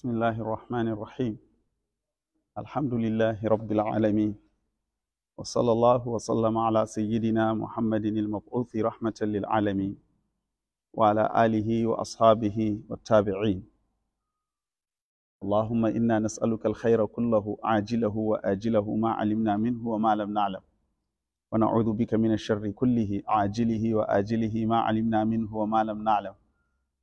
بسم الله الرحمن الرحيم الحمد لله رب العالمين وصلى الله وسلم على سيدنا محمد المبعوث رحمة للعالمين وعلى آله وأصحابه والتابعين اللهم إنا نسألك الخير كله عاجله وآجله ما علمنا منه وما لم نعلم ونعوذ بك من الشر كله عاجله وآجله ما علمنا منه وما لم نعلم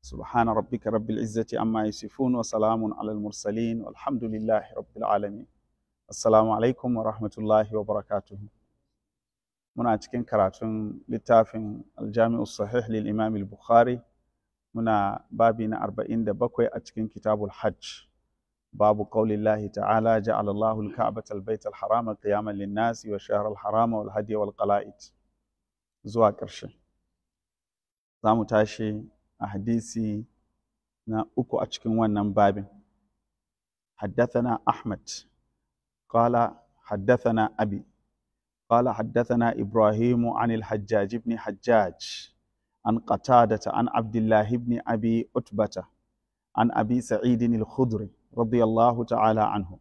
سبحان ربك رب العزة عما يصفون وسلام على المرسلين والحمد لله رب العالمين السلام عليكم ورحمة الله وبركاته muna cikin karatun littafin aljami'u sahih lil imam bukhari muna babi na 47 a cikin kitabul hajj babu qaulillahi ta'ala ja'ala Allahu al-ka'bata al-bayta al-harama qiyaman lin-nasi wa shahra al-harama wal hadiya wal qala'id zuwa ƙarshe za mu tashi ahadisi na uku a cikin wannan babin haddathana ahmad kala haddathana abi kala haddathana ibrahimu an hajjaj an qatadata an abdullahi ibn abi utbata an abi sa'idin al radiyallahu ta'ala anhu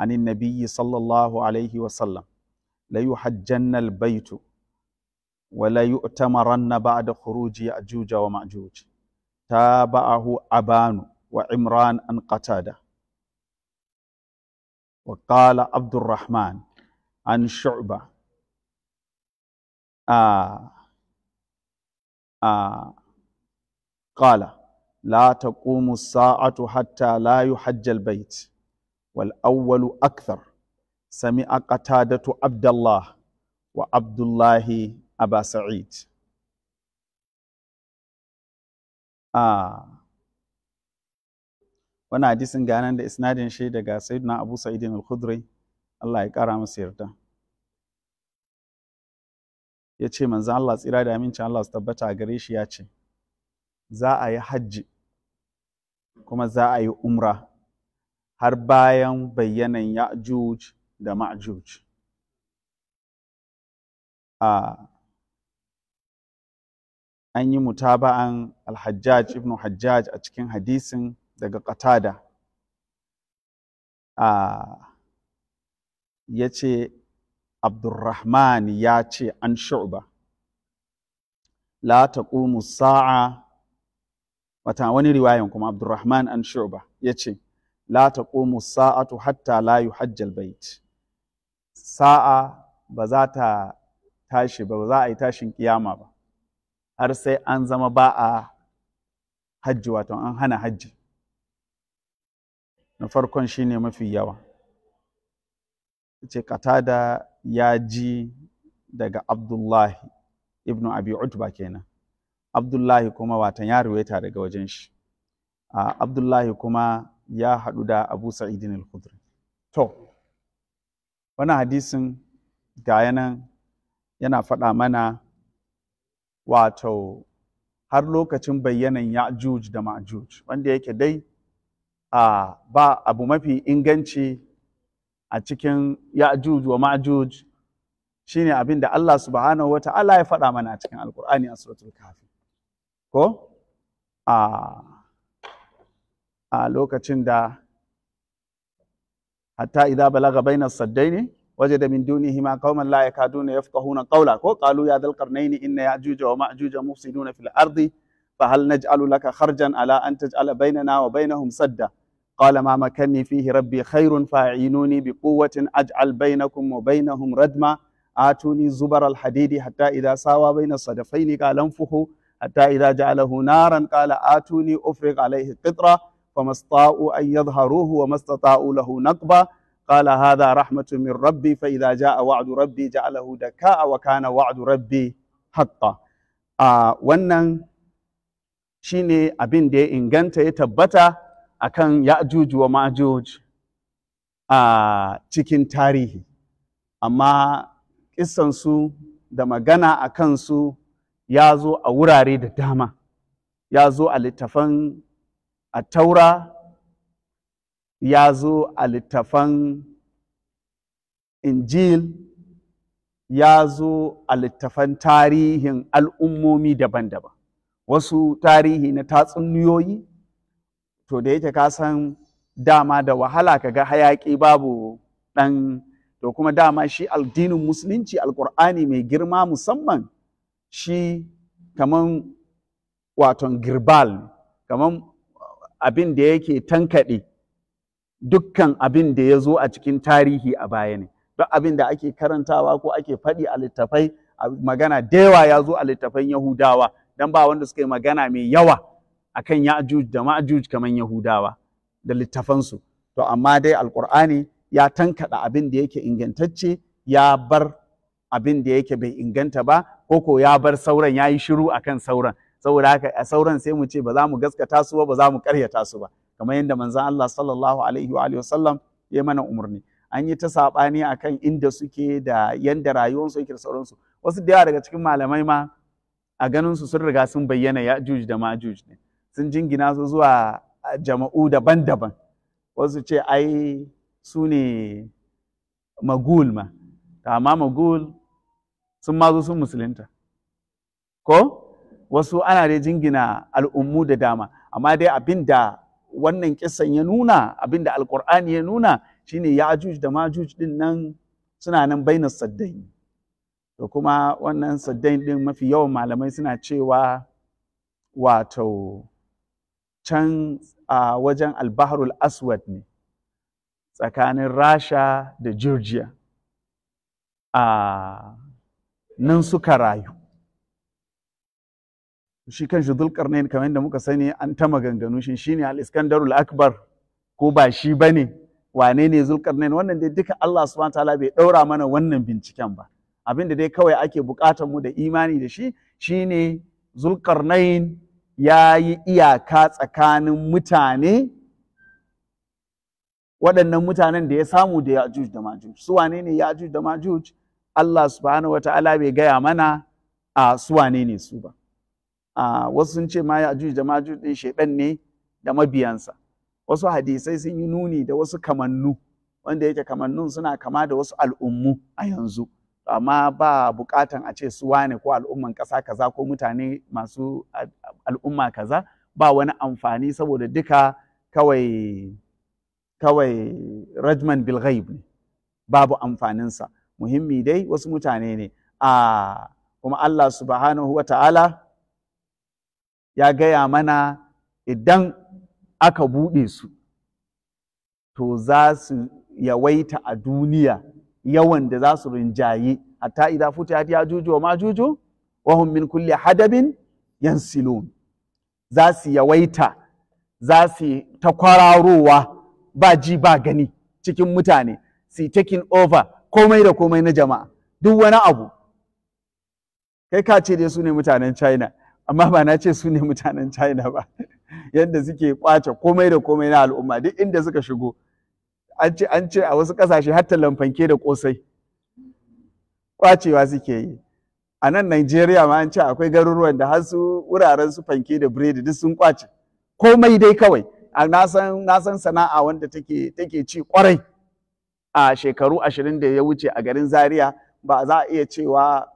عن النبي صلى الله عليه وسلم ليحجن البيت وليؤتمرن بعد خروج يأجوج ومأجوج تابعه أبان وعمران عن قتادة وقال عبد الرحمن عن شعبة آه آه قال لا تقوم الساعة حتى لا يحج البيت والأول أكثر سمع قتادة عبد الله وعبد الله أبا سعيد Ah. wani hadisin ganan da isnadin shi daga sayyidina abu sa'idin al-khudri Allah ya kara masa yarda ya ce manzo Allah tsira da amincin Allah su tabbata gare shi ya ce za a yi hajji kuma za a yi umra har bayan bayyanan ya'juj da ma'juj a ah. an yi mutaba'an alhajjaj ibn hajjaj a cikin hadisin daga qatada ah, ya ce abdurrahman ya ce an shu'ba la taqumu sa'a wata wani riwayan kuma abdurrahman an shu'ba ya ce la taqumu sa'atu hatta la yuhajjal bait sa'a ba za ta tashi ba za a yi tashin kiyama ba har sai an zama ba a hajji wato an hana hajji na farkon shi ne mafi yawa ce katada ya ji daga abdullahi ibnu abi utba kenan abdullahi kuma watan ya ruwaita daga wajen shi abdullahi kuma ya haɗu da abu sa'idin al-khudri to wani hadisin ga yana faɗa mana wato har lokacin bayyanan ya'juj da ma'juj wanda yake dai a ba abu mafi inganci a cikin ya'juj wa ma'juj shine abin da Allah subhanahu wata'ala ya faɗa mana a cikin alkur'ani a suratul kafi ko a lokacin da hatta idza balaga bainas saddaini وجد من دونهما قوما لا يكادون يفقهون قولا قالوا يا ذا القرنين إن يأجوج ومأجوج مفسدون في الأرض فهل نجعل لك خرجا على أن تجعل بيننا وبينهم سدا قال ما مكني فيه ربي خير فاعينوني بقوة أجعل بينكم وبينهم ردما آتوني زبر الحديد حتى إذا ساوى بين الصدفين قال انفخوا حتى إذا جعله نارا قال آتوني أفرغ عليه قطرا فما استطاعوا أن يظهروه وما استطاعوا له نقبا qala hadha rahmatun min rabbi fa idza jaa wa'du rabbi ja'alahu daka wa kana wa'du rabbi haqqan a wannan shine abin da ya inganta ya tabbata akan ya'juj wa ma'juj a cikin tarihi amma su da magana a kansu ya zo a wurare da dama ya zo a littafan a taura ya zo a littafan injil ya zo a littafan tarihin al'ummomi daban-daban wasu tarihi na tatsuniyoyi to da yake ka san dama da wahala ka ga hayaƙi babu ɗan to kuma dama shi aldinin musulunci alƙur'ani mai girma musamman shi kaman waton girbal kaman abin da yake tankaɗe dukkan abin da ya zo a cikin tarihi a baya ne duk abin da ake karantawa ko ake faɗi a littafai magana da yawa ya zo a littafan yahudawa don ba wanda suka yi magana mai yawa akan ya'juj da ma'juj kamar yahudawa da littafansu to amma dai alƙur'ani ya tankaɗa abin da yake ingantacce ya bar abin da yake bai inganta ba ko ko ya bar sauran ya yi shiru a kan sauran saboda haka a sauran sai mu ce ba za mu gaskata su ba ba za mu karyata su ba kamar yadda manzan Allah sallallahu alaihi wa sallam ya mana umarni an yi ta sabani kan inda suke da yanda rayuwarsu yake da sauransu wasu da yawa daga cikin malamai ma a ganin su sun riga sun bayyana ya juj da majuj ne sun jingina su zuwa jama'u daban-daban wasu ce ai su ne magul ma amma magul sun ma sun musulunta ko wasu ana dai jingina al'ummu da dama amma dai abin da wannan kisan ya nuna abinda alkur'ani ya nuna shine yajuj da majuj din nan suna nan baina saddai to kuma wannan saddai din mafi yawan malamai suna cewa wato can a wajen albaharul aswad ne tsakanin rasha da georgia a nan suka rayu shi kanshi zulkarnain kamar yadda muka sani an ta maganganu shi shine al-iskandarul akbar ko ba shi bane wane ne zulkarnain wannan dai duka Allah subhanahu wataala bai ɗaura mana wannan binciken ba abin da dai kawai ake bukatar mu da imani da shi shine yin ya yi iyaka tsakanin mutane waɗannan mutanen da ya samu da yajuj da majuj su wane ne yajuj da majuj Allah subhanahu wataala bai gaya mana a su wane ne su ba wasu sun ce ma ya juji da majudin din ne da mabiyansa wasu hadisai sun yi nuni da wasu kamannu wanda yake kamannun suna kama da wasu al'ummu a yanzu amma ba bukatan a ce su wane ko al'umman ƙasa kaza ko mutane masu al'umma kaza ba wani amfani saboda duka kawai rajman bilghaib ne babu amfaninsa muhimmi dai wasu mutane ne a kuma Allah subhanahu wa ta'ala ya gaya mana idan aka buɗe su to za su yawaita a duniya yawan da za su rinjaye hatta idza futihat yajuju wa majuju wa hum min kulli hadabin yansilun za su yawaita za su ta kwararowa ba ji ba gani cikin mutane su taking over komai da komai na jama'a duk wani abu kai ka ce dai su ne mutanen china amma ba na ce su ne mutanen china ba yadda suke kwace komai da komai na al'umma duk inda suka shigo an ce an ce a wasu kasashe hatta lamfanke da kosai kwacewa suke yi a nan Najeriya ma an ce akwai garuruwan da har su wuraren su fanke da biredi duk sun kwace komai dai kawai na san sana'a wanda take take ci kwarai a shekaru ashirin da ya wuce a garin Zaria ba za a iya cewa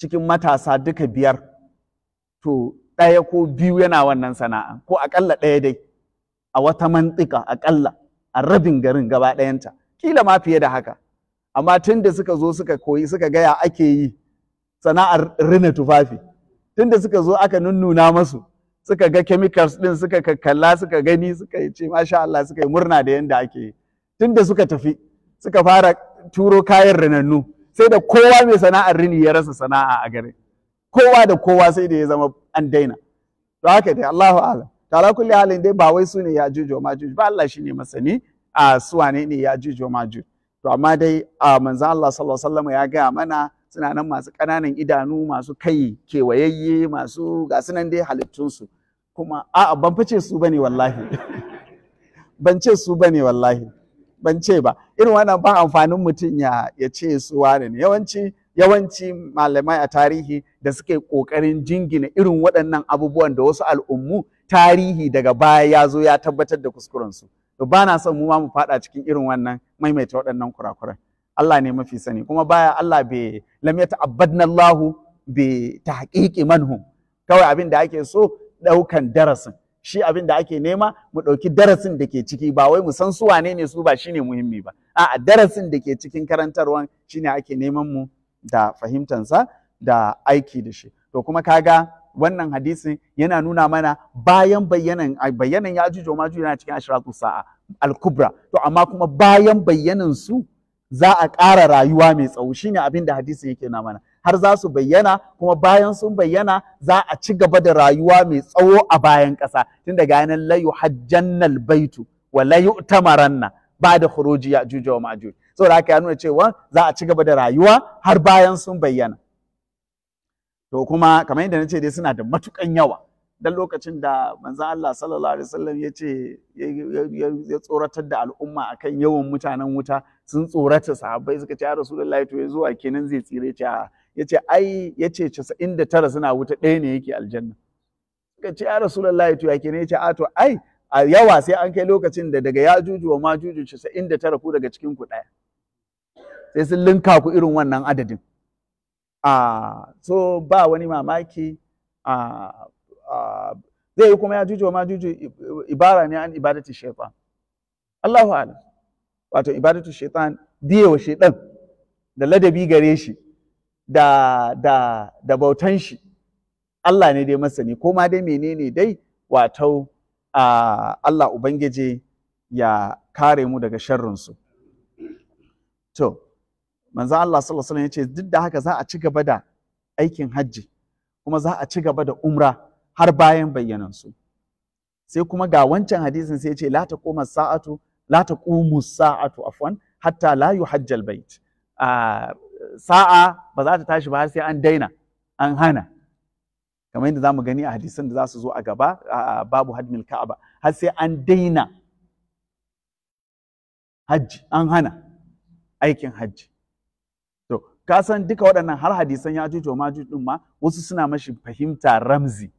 cikin matasa duka biyar to ɗaya ko biyu yana wannan sana'a ko aƙalla ɗaya dai a wata mantika aƙalla a rabin garin gaba ɗayanta kila ma fiye da haka amma tun da suka zo suka koyi suka gaya ake yi sana'ar rina tufafi tun da suka zo aka nunnuna masu suka ga chemicals ɗin suka kakkalla suka gani suka yi ce masha Allah suka yi murna da yanda ake yi tun da suka tafi suka fara turo kayan rinannu sai da kowa mai sana'ar rini ya rasa sana'a a garin kowa da kowa sai da ya zama an daina to haka dai Allahu a'lam to ala kulli halin dai ba wai su ne yajuj wa majuj ba Allah shine masani a su wane ne yajuj wa majuj to amma dai a manzon Allah sallallahu alaihi wasallam ya gaya mana suna nan masu ƙananan idanu masu kai kewayayye masu ga nan dai halittunsu kuma a'a ban fice su bane wallahi ban ce su bane wallahi ban ce ba irin wannan ba amfanin mutum ya ya ce su wane ne yawanci yawanci malamai a tarihi da suke ƙoƙarin jingina irin waɗannan abubuwan da wasu al'ummu tarihi daga baya ya zo ya tabbatar da kuskurensu to ba na son mu ma mu faɗa cikin irin wannan maimaita waɗannan kurakuran Allah ne mafi sani kuma baya Allah bai lam ya ta'abbadna Allahu bi tahqiqi manhum kawai abin da ake so ɗaukan darasin shi abin da ake nema mu ɗauki darasin da ke ciki ba wai mu san su wane ne su ba shine muhimmi ba a'a darasin da ke cikin karantarwan shine ake neman mu da fahimtansa da aiki da shi to kuma kaga wannan hadisin yana nuna mana bayan bayyanan bayyanan ya ajuju ma yana cikin ashratu sa'a al-kubra to amma kuma bayan bayyanan su za a ƙara rayuwa mai tsawo shine abin da hadisin yake na mana har za su bayyana kuma bayan sun bayyana za a ci gaba da rayuwa mai tsawo a bayan ƙasa tun daga yanan layu Jannal baitu wa layu tamaranna ba da khuruji ya ajuju wa saboda haka ya nuna cewa za a ci gaba da rayuwa har bayan sun bayyana to kuma kamar yadda nace dai suna da matukan yawa dan lokacin da manzon Allah sallallahu alaihi wasallam ya ce ya tsoratar da al'umma akan yawan mutanen wuta sun tsorata sahabbai suka ce ya rasulullahi to yanzu a kenan zai tsire ce yace ai yace 99 suna wuta ɗaya ne yake aljanna suka ce ya rasulullahi to ya kenan yace a to ai a yawa sai an kai lokacin da daga ya wa ma juju 99 ku daga cikin ku ɗaya sai sun linka ku irin wannan adadin ah, so ba wani mamaki ah, ah, zai yi kuma ya juju wa ma ibara ne an ibadatu shaitan Allahu ala wato ibadatu shaitan biye wa shaitan da ladabi gare shi da da bautan shi Allah ne dai masani ko ma dai menene dai wato a Allah ubangiji ya kare mu daga sharrinsu to manzo Allah sallallahu alaihi wasallam yace duk da haka za a ci gaba da aikin hajji kuma za a ci gaba da umra har bayan bayyanan su sai kuma ga wancan hadisin sai yace la taquma sa'atu la taqumu sa'atu afwan hatta la yuhajjal bait sa'a ba za ta tashi ba har sai an daina an hana kamar yadda zamu gani a hadisan da za su zo a gaba babu hadmil ka'aba har sai an daina hajji an hana aikin hajji ka san duka waɗannan har hadisan ya juju ma din ma wasu suna mashi fahimta ramzi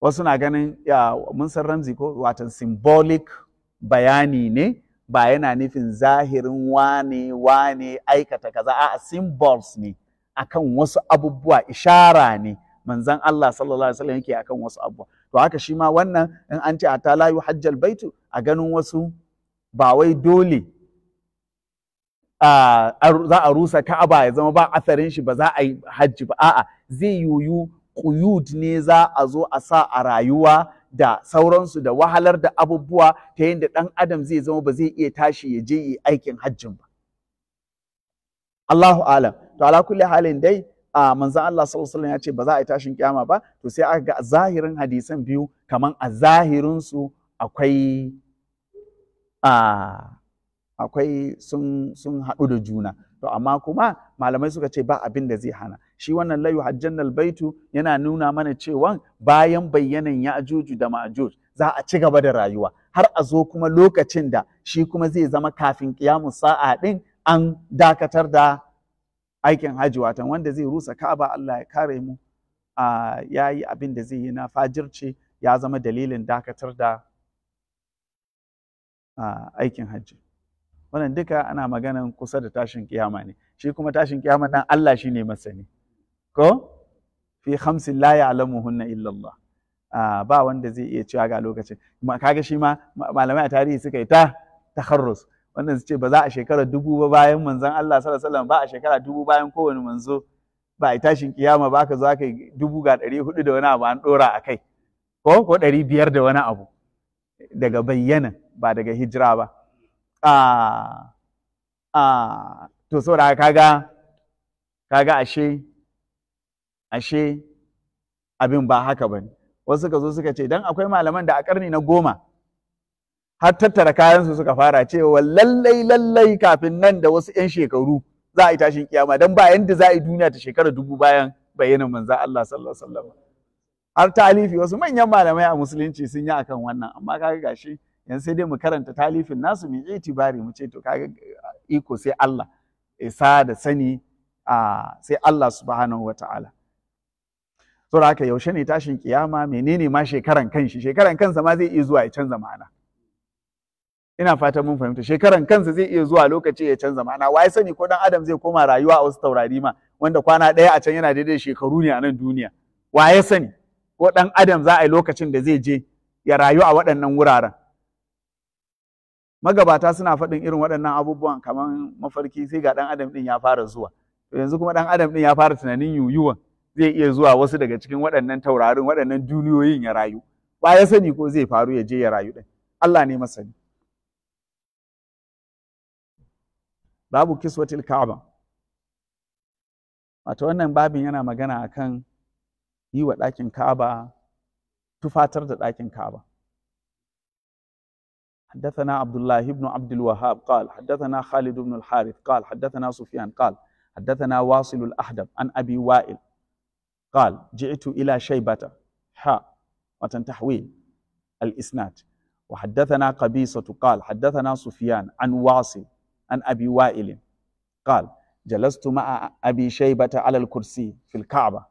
wasu na ganin ya mun san ramzi ko watan symbolic bayani ne ba yana nufin zahirin wane wane aikata kaza a symbols ne akan wasu abubuwa ishara ne manzan Allah sallallahu alaihi wasallam yake akan wasu abubuwa to haka shi ma wannan in an ce a ta layu hajjal baitu a ganin wasu ba wai dole za a rusa ka'aba ya zama ba atharin shi ba za a yi hajji ba a'a zai yoyu quyud ne za a zo a sa a rayuwa da sauransu da wahalar da abubuwa ta yadda dan adam zai zama ba zai iya tashi ya je yi aikin hajjin ba Allahu alam to ala kulli halin dai a manzon Allah sallallahu alaihi ya ce ba za a yi tashin kiyama ba to sai aka ga zahirin hadisan biyu kaman a zahirin su akwai a akwai sun haɗu da juna to amma kuma malamai suka ce ba abin da zai hana shi wannan layu hajjan baitu yana nuna mana cewa bayan bayyanan ya'juju da ma'ajuj za a ci gaba da rayuwa har a zo kuma lokacin da shi kuma zai zama kafin kiyamun sa'a din an dakatar da aikin haji watan wanda zai rusa ka'aba Allah ya kare mu ya yi abin da zai yi na fajirce ya zama dalilin dakatar da aikin hajji wannan duka ana maganan kusa da tashin kiyama ne shi kuma tashin kiyama nan Allah shi ne masani ko fi khamsin la ya'lamuhunna illa Allah ba wanda zai iya cewa ga lokacin kaga shi ma malamai a tarihi suka yi ta takharrus wannan su ce ba za a shekara dubu ba bayan manzon Allah sallallahu alaihi wasallam ba a shekara dubu bayan kowane manzo ba a tashin kiyama ba ka zo aka yi dubu ga ɗari hudu da wani abu an ɗora a kai ko ko ɗari biyar da wani abu daga bayyana ba daga hijira ba a a to saboda kaga kaga ashe ashe abin ba haka bane wasu suka zo suka ce dan akwai malaman da a karni na goma har tattara kayansu suka fara cewa lallai lallai kafin nan da wasu 'yan shekaru za a yi tashin kiyama dan ba yanda za a yi duniya ta shekara dubu bayan bayyana manza Allah sallallahu alaihi wasallam har talifi wasu manyan malamai a musulunci sun yi akan wannan amma kaga gashi Yanzu sai dai mu karanta talifin nasu mu itibari mu ce to kaga eh, iko sai Allah isa da sani a sai Allah subhanahu wata'ala to haka yaushe ne tashin kiyama menene ma shekaran kanshi shekaran kansa ma zai iya zuwa ya canza ma'ana ina fatan mun fahimta shekaran kansa zai iya zuwa lokaci ya canza ma'ana wai sani ko dan adam zai koma rayuwa a wasu taurari ma wanda kwana daya a can yana daidai shekaru ne a nan duniya ya sani ko dan adam za a yi lokacin da zai je ya rayu a waɗannan wuraren magabata suna faɗin irin waɗannan abubuwan kamar mafarki sai ga ɗan adam ɗin ya fara zuwa to yanzu kuma ɗan adam ɗin ya fara tunanin yuyuwan zai iya zuwa wasu daga cikin waɗannan taurarin waɗannan duniyoyin ya rayu ba ya sani ko zai faru ya je ya rayu ɗin Allah ne masani babu kiswatil ka'aba wato wannan babin yana magana akan yi wa ɗakin ka'aba tufatar da ɗakin ka'aba حدثنا عبد الله بن عبد الوهاب قال حدثنا خالد بن الحارث قال حدثنا سفيان قال حدثنا واصل الأحدب عن أبي وائل قال جئت إلى شيبة حاء وتنتحويل الإسناد وحدثنا قبيصة قال حدثنا سفيان عن واصل عن أبي وائل قال جلست مع أبي شيبة على الكرسي في الكعبة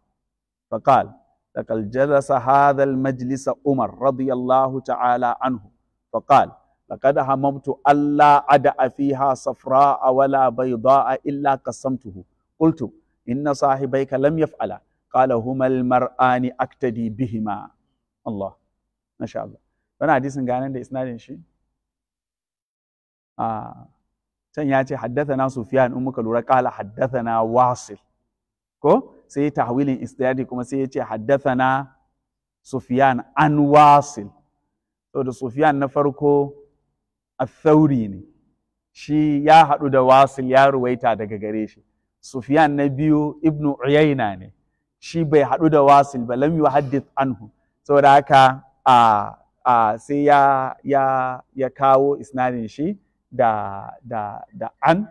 فقال لقد جلس هذا المجلس عمر رضي الله تعالى عنه فقال laqad hamamtu Allah ada fiha safra'a wala bayda'a illa qasamtuhu qultu inna sahibayka lam yaf'ala qala huma almar'ani aktadi bihima Allah masha Allah wannan hadisin ganin da isnadin shi a can ya ce haddathana sufyan in muka lura kala haddathana wasil ko sai tahwilin isnadi kuma sai ya ce haddathana Sufiyan an wasil saboda Sufiyan na farko athauri ne shi ya haɗu da wasil ya ruwaita daga gare shi Sufyan na biyu ibnu Uyayna ne shi bai haɗu da wasil ba lam yuhaddith anhu saboda haka sai ya kawo isnadin shi da an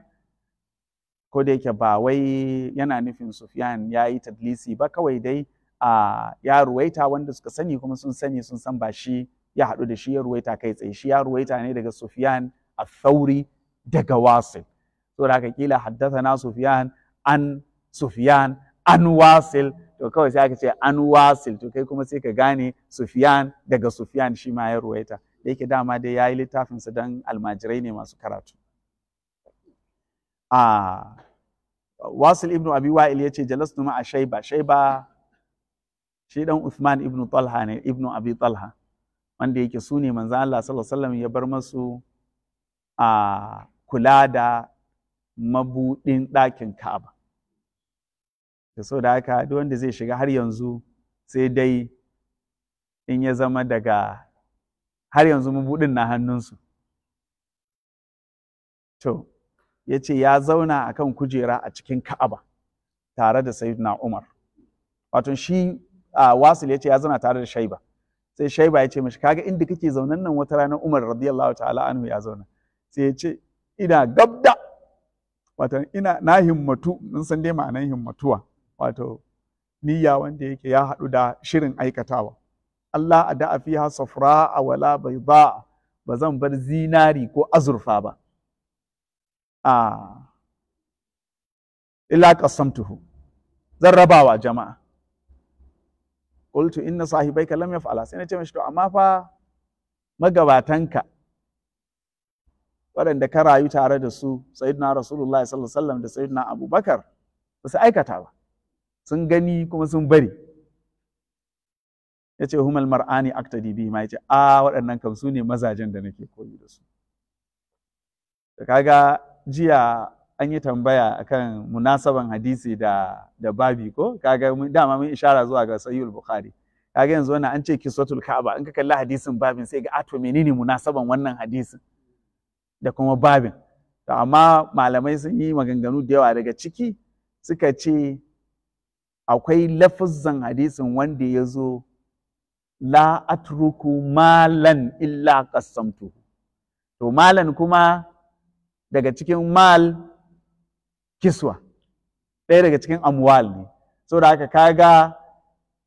ko da yake ba wai yana nufin Sufyan ya yi tadlisi ba kawai dai a ya ruwaita wanda suka sani kuma sun sani sun san ba shi ya haɗu da shi ya ruwaita kai tsaye shi ya ruwaita ne daga Sufyan a sauri daga Wasil to da kila na Sufyan an Sufyan an Wasil to kawai sai aka ce an Wasil to kai kuma sai ka gane Sufiyan daga Sufiyan shi ma ya ruwaita da yake dama dai ya yi littafinsa dan almajirai ne masu karatu Wasil ibn Abi Wa'il yace jalastu ma a Shaiba Shaiba shi dan Uthman ibn Talha ne ibn Abi Talha wanda yake su ne manzan Allah sallallahu ya bar masu a kula da mabuɗin ɗakin Ka'aba. Da so da haka duk wanda zai shiga har yanzu sai dai in ya zama daga har yanzu mabuɗin na hannunsu. To, ya ce ya zauna a kan kujera a cikin Ka'aba tare da Sayyidina Umar. Wato shi a ya ce ya zauna tare da Shaiba. sai shaiba ya ce mashi kaga inda kake zaunan nan wata ranar umar radiyallahu ta'ala anhu ya zauna sai ya ce ina gabda wato ina na himmatu mun san dai ma'anan himmatuwa wato niyya wanda yake ya haɗu da shirin aikatawa Allah a da'a ha safra a wala bai ba ba zan bar zinari ko azurfa ba a ila qasamtuhu zan rabawa jama'a qultu inna sahibaika lam yaf'ala sai na ce mashi to amma fa magabatanka waɗanda ka rayu tare da su sayyidina rasulullahi sallallahu alaihi wasallam da sayyidina abubakar ba su aikata ba sun gani kuma sun bari ya ce humal mar'ani aktadi bi ma ya a waɗannan kam su ne mazajen da nake koyi da su da kaga jiya an yi tambaya akan munasaban hadisi da babi ko kaga dama mun ishara zuwa ga sahihul bukhari kaga yanzu wannan an ce kiswatul ka'aba in ka kalli hadisin babin sai ga ato ah, menene munasaban wannan hadisin da kuma babin to amma malamai sun yi maganganu da yawa daga ciki suka ce akwai lafazan hadisin wanda ya zo la atruku malan illa qasamtuhu to malan kuma daga cikin mal kiswa ɗaya daga cikin amwal ne saboda haka kaga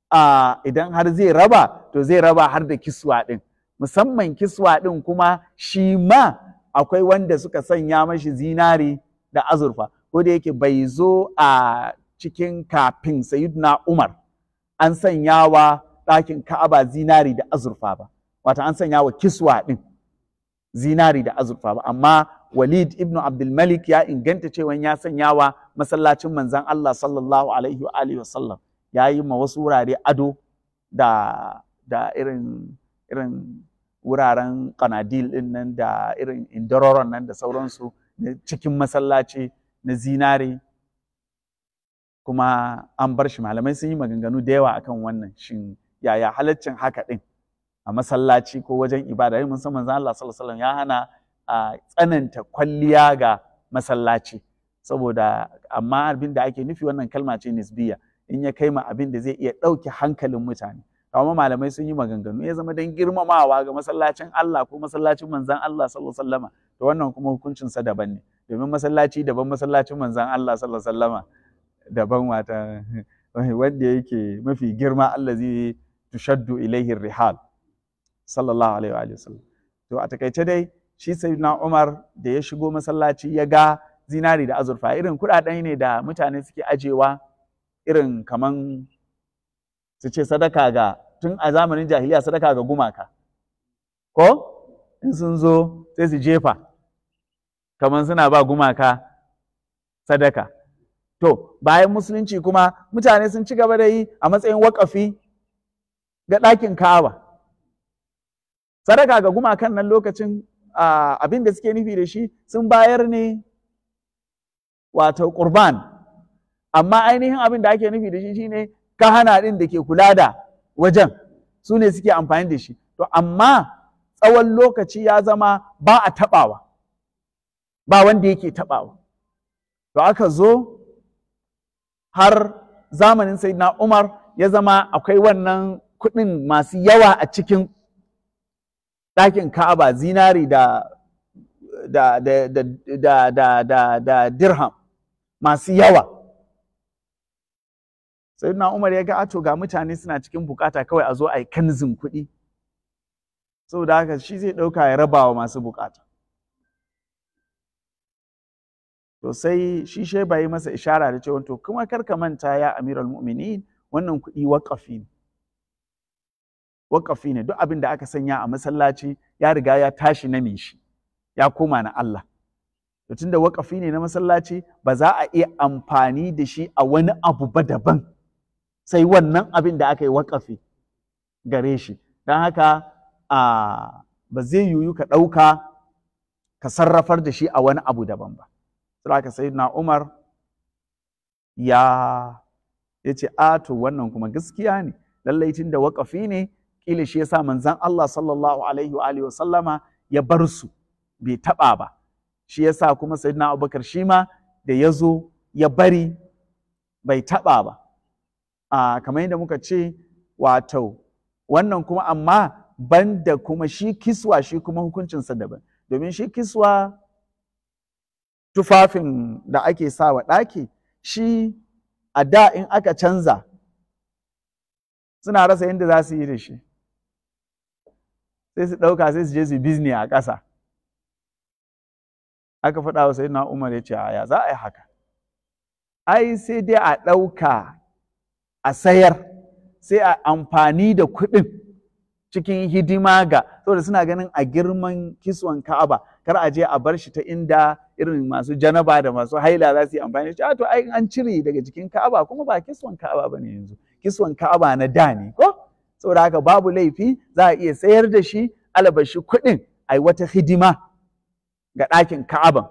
a idan har zai raba to zai raba har da kiswa ɗin musamman kiswa ɗin kuma shi ma akwai wanda suka sanya mashi zinari da azurfa ko da yake bai zo a cikin kafin sayiduna umar an sanya wa ɗakin ka'aba zinari da azurfa ba wata an sanya wa kiswa ɗin zinari da azurfa ba amma Walid ibn abdulmalik ya inganta cewa ya sanyawa masallacin manzon Allah sallallahu alaihi wa alihi wasallam ya yi ma wasu wurare ado da da irin irin wuraren kanadil din nan da irin indororon nan da sauransu na cikin masallaci na zinari kuma an bar shi malamai sun yi maganganu da yawa akan wannan shin yaya halaccin haka din a masallaci ko wajen ibada mun san manzon Allah sallallahu alaihi wasallam ya hana a tsananta kwalliya ga masallaci saboda amma abin da ake nufi wannan kalma ce nisbiya in ya kai ma abin da zai iya ɗauke hankalin mutane amma malamai sun yi maganganu ya zama don girmamawa ga masallacin Allah ko masallacin manzon Allah sallallahu alaihi wasallam to wannan kuma hukuncin sa daban ne domin masallaci daban masallacin manzon Allah sallallahu alaihi wasallam daban wata wanda yake mafi girma zai tushaddu ilaihi rihal sallallahu alaihi wa sallam to a takaice dai shi sayyidina Umar da ya shigo masallaci ya ga zinari da azurfa irin kudaden ne da mutane suke ajewa irin kaman su ce sadaka ga tun a zamanin jahiliya sadaka ga gumaka ko in sun zo sai su jefa kaman suna ba gumaka sadaka to bayan musulunci kuma mutane sun ci gaba da yi a matsayin wakafi ga ɗakin kawa. sadaka ga gumakan nan lokacin abin da suke nufi da shi sun bayar ne wato ƙurban amma ainihin abin da ake nufi da shi shine kahana ɗin da ke kula da wajen su ne suke amfani da shi to amma tsawon lokaci ya zama ba a taɓawa ba wanda yake taɓawa to aka zo har zamanin sai na umar ya zama akwai wannan kuɗin masu yawa a cikin Dakin Ka'aba zinari da da da da da da da dirham masu yawa sai na Umar ya ga ato ah, ga mutane suna cikin bukata kawai a zo a yi kanzin kuɗi saboda haka shi zai ɗauka ya rabawa masu bukata to sai shi shai yi masa ishara da cewa to kuma kar ka manta ya amiral mu'minin wannan kuɗi waƙafi ne waƙafi ne duk abin da aka sanya a masallaci ya riga ya tashi na shi ya koma na Allah to tunda waƙafi ne na masallaci ba za a iya amfani da shi a wani abu ba daban sai wannan abin da aka yi waƙafi gare shi don haka ba zai yiwu ka ɗauka ka sarrafar da shi a wani abu daban ba saboda na Umar ya ya ce a to wannan kuma gaskiya ne lallai tun da waƙafi ne kila shi yasa manzan Allah sallallahu alaihi wa sallama ya bar su bai taba ba shi yasa kuma sayyidina Abubakar shi ma da ya zo ya bari bai taɓa ba a kamar yadda muka ce wato wannan kuma amma banda kuma shi kiswa shi kuma hukuncinsa daban domin shi kiswa tufafin da ake sawa ɗaki shi a da in aka canza suna rasa yadda za su yi da shi sai su ɗauka sai su je su bizni a ƙasa aka faɗa wa sayyidina Umar ya ce ya za a yi haka ai sai dai a ɗauka a sayar sai a amfani da kuɗin cikin hidima ga saboda suna ganin a girman kiswan Ka'aba kar a je a bar shi ta inda irin masu janaba da masu haila za su yi amfani da ai an cire daga jikin Ka'aba kuma ba kiswan Ka'aba bane yanzu kiswan Ka'aba na da ne ko saboda haka babu laifi za a iya sayar da shi albashi kuɗin a yi wata hidima ga ɗakin ka'aban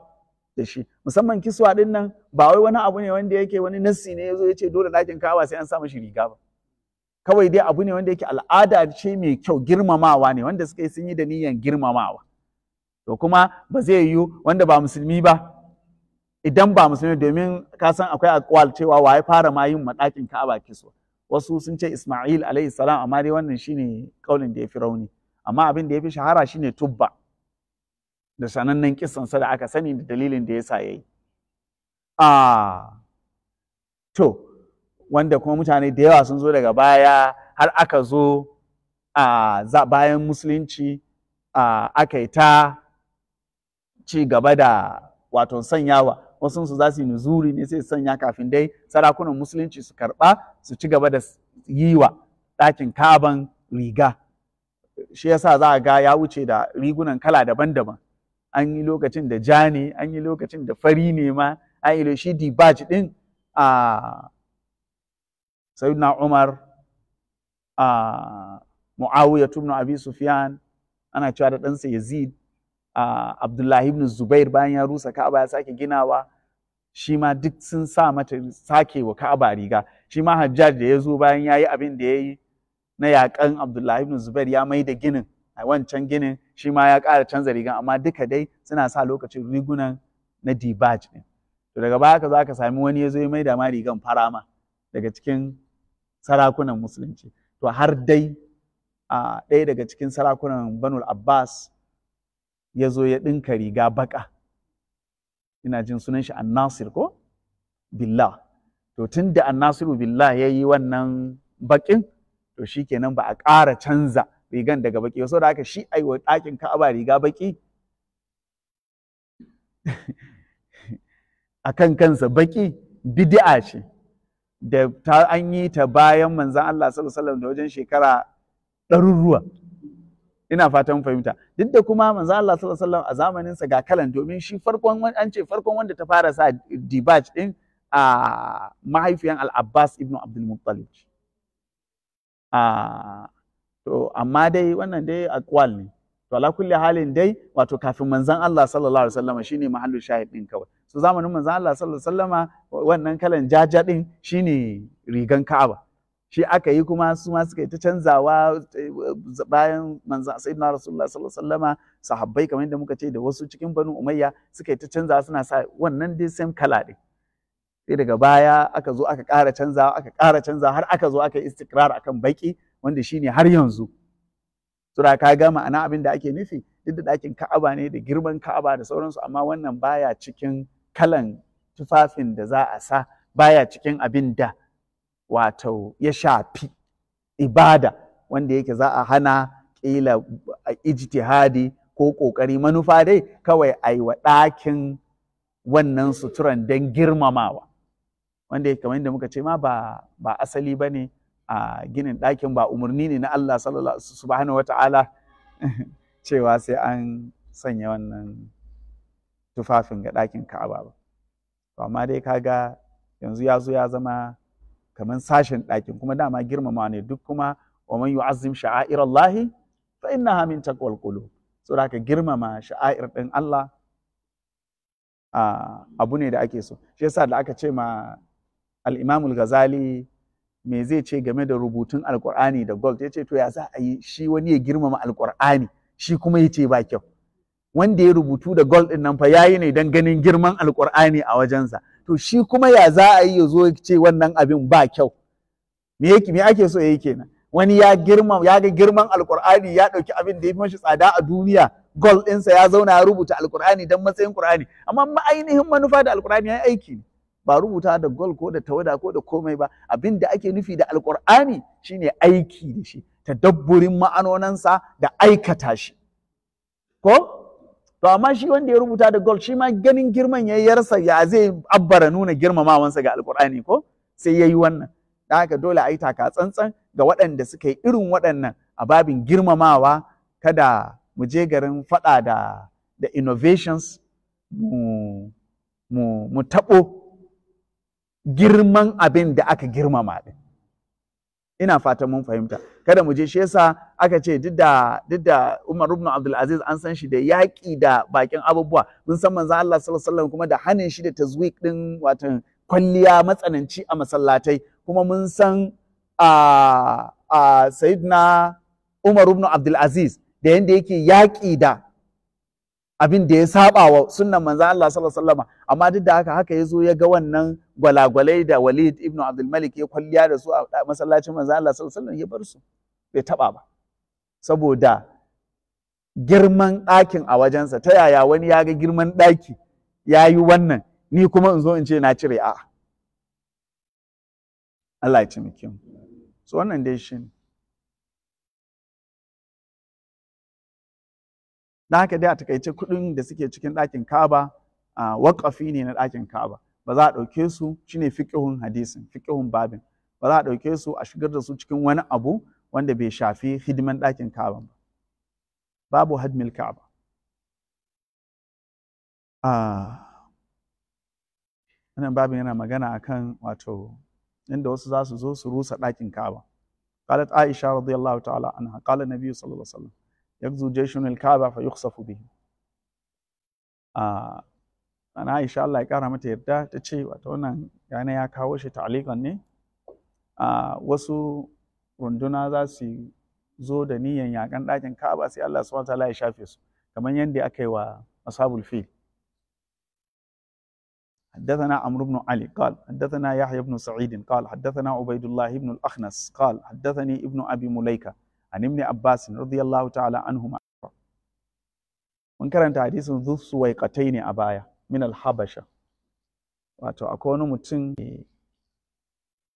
da shi musamman kiswa ɗin nan ba wai wani abu ne wanda yake wani nassi ne yazo yace dole ɗakin ka'aba sai an sa shi riga ba kawai dai abu ne wanda yake al'ada ce mai kyau girmamawa ne wanda suka yi sun yi da niyyar girmamawa to kuma ba zai yiwu wanda ba musulmi ba idan ba musulmi domin ka san akwai akwal cewa waye fara ma yin madakin ka'aba kiswa wasu sun ce Isma'il alaihi salam amma dai wannan shine kaulin da ya fi rauni amma abin da ya fi shahara shine tubba da sanannen kissan sa da aka sani da dalilin da yasa yayi a ah, to wanda kuma mutane da yawa sun zo daga baya har aka zo a bayan musulunci aka yi ta ci gaba da wato sanyawa wasu su za su yi nuzuri ne sai sanya kafin dai sarakunan musulunci su karba su ci gaba da yi wa ɗakin kaban riga shi yasa za a ga ya wuce da rigunan kala daban-daban an yi lokacin da ja ne an yi lokacin da fari ne ma an yi shi dibaj din a sayyidina umar a muawiya na abi ana cewa da ɗansa yazid Abdullahi ibn Zubair bayan ya rusa Ka'aba ya sake ginawa shi ma duk sun sa mata sake wa Ka'aba riga shi ma Hajjaj da ya zo bayan ya yi abin da ya yi na yakan Abdullahi ibn Zubair ya mai da ginin a wancan ginin shi ma ya ƙara canza rigan amma duka dai suna sa lokacin rigunan na dibaj ne to daga baya ka za ka sami wani ya zo ya mai da ma rigan farama daga cikin sarakunan musulunci to har dai a ɗaya daga cikin sarakunan banul abbas ya zo ya ɗinka riga baƙa ina jin sunan shi annasir ko billah to tun da annasiru billah ya yi wannan baƙin to shi kenan ba a ƙara canza rigan daga baƙi ba saboda haka shi a yi wa ɗakin ka'aba riga baƙi a kan kansa baƙi bid'a ce da ta an yi ta bayan manzan Allah sallallahu alaihi wasallam da wajen shekara ɗaruruwa ina fatan fahimta duk da kuma manzo Allah sallallahu alaihi wasallam a zamanin sa ga kalan domin shi farkon an ce farkon wanda ta fara sa dibaj din a mahaifiyan al-Abbas ibn Abdul Muttalib a to amma dai wannan dai aqwal ne to ala kulli halin dai wato kafin manzon Allah sallallahu alaihi wasallam shine mahallu shahid din kawai so zamanin manzon Allah sallallahu alaihi wasallam wannan kalan jaja din shine rigan Ka'aba shi aka yi kuma su ma suka yi ta canzawa eh, bayan manzan sayyidina rasulullah sallallahu alaihi wasallama sahabbai kamar yadda muka ce da wasu cikin banu umayya suka yi ta canzawa suna sa wannan dai same kala din sai daga baya aka zo aka ƙara canzawa aka ƙara canzawa har aka zo aka yi istikrar akan baki wanda shine har yanzu sura ka ga ma'ana abin da ake nufi duk da ɗakin ka'aba ne da girman ka'aba da sauransu amma wannan baya cikin kalan tufafin da za a sa baya cikin abin da wato ya shafi ibada wanda yake za a hana ƙila ijtihadi ko ƙoƙari manufa dai kawai a yi wa ɗakin wannan suturan don girmamawa wanda ya kamar yadda muka ce ma ba, ba asali ba ne a ginin ɗakin ba umarni ne na Allah subhanahu wa ta'ala cewa sai an sanya wannan tufafin ga ɗakin ka'aba ba amma dai kaga yanzu ya zo ya zama kamar sashen ɗakin kuma dama girmama ne duk kuma wa azim yu'azzim sha'airallahi fa inna min taqwal So, da aka girmama sha'air ɗin Allah abu ne da ake so shi yasa da aka ce ma al-Imam me zai ce game da rubutun alkur'ani da gold ya ce to ya za a yi shi wani ya girmama alkur'ani shi kuma ya ce ba kyau wanda ya rubutu da gold ɗin nan fa yayi ne dan ganin girman alkur'ani a wajensa to shi kuma ya za a yi ya zo ce wannan abin ba kyau me yake me ake so yayi kenan wani ya girma ya ga girman alqur'ani ya dauki abin da ya fi mashi tsada a duniya gol ɗinsa ya zauna ya rubuta alqur'ani dan matsayin qur'ani amma ma manufa da alqur'ani yayi aiki ba rubuta da gol ko da tawada ko da komai ba abin da ake nufi da alqur'ani shine aiki da shi tadabburin ma'anonansa da aikata shi ko to amma shi wanda ya rubuta da gold shi ma ganin girman ya yi yarsa ya zai abbara nuna girmamawansa ga alkur'ani ko sai ya yi wannan da haka dole a yi taka tsantsan ga waɗanda suka yi irin waɗannan a babin girmamawa kada mu je garin faɗa da da innovations mu mu taɓo girman abin da aka girmama ɗin ina fatan mun fahimta kada mu je shi yasa aka ce duk da duk da Umar ibn Abdul Aziz an san shi da yaƙi da bakin abubuwa mun san manzon Allah sallallahu alaihi wasallam kuma da hanin shi da tazwik din watan kwalliya matsananci a masallatai kuma mun san a a Sayyidina Umar ibn Abdul Aziz da yanda yake yaƙi da abin da ya saba wa sunnan manzon Allah sallallahu alaihi wasallam amma duk da haka haka yazo ya ga wannan gwalagwalai da Walid ibn Abdul Malik ya kwalliya da su a masallacin manzon Allah sallallahu alaihi wasallam ya bar su bai taba ba saboda girman ɗakin a wajensa ta yaya wani ya ga girman ɗaki ya yi wannan ni kuma in zo in ce na cire a'a Allah ya ci mu so wannan dai shi don haka dai a takaice kuɗin da suke cikin ɗakin kaba waƙafi ne na ɗakin kaba ba za a ɗauke su shine fiƙihun hadisin fiƙihun babin ba za a ɗauke su a shigar da su cikin wani abu wanda bai shafi hidiman ɗakin kaba ba babu hadmil kaba wannan babin yana magana akan wato inda wasu za su zo su rusa ɗakin kaba قالت Aisha رضي الله تعالى عنها قال النبي صلى الله يغزو جيش الكعبة فيخصف به ana Aisha Allah ya kara mata yarda ta ce wata wannan gane ya kawo shi ta'alikan ne a wasu runduna za su zo da niyan yaƙan ɗakin Ka'aba sai Allah subhanahu wataala ya shafe su kamar yadda aka yi wa ashabul fil حدثنا عمرو بن علي قال حدثنا يحيى بن سعيد قال حدثنا عبيد الله بن الأخنس قال حدثني ابن أبي an ibn Abbas radiyallahu ta'ala anhuma mun karanta hadisin zusuwaiqatai ne a baya min al-habasha wato akwai wani mutum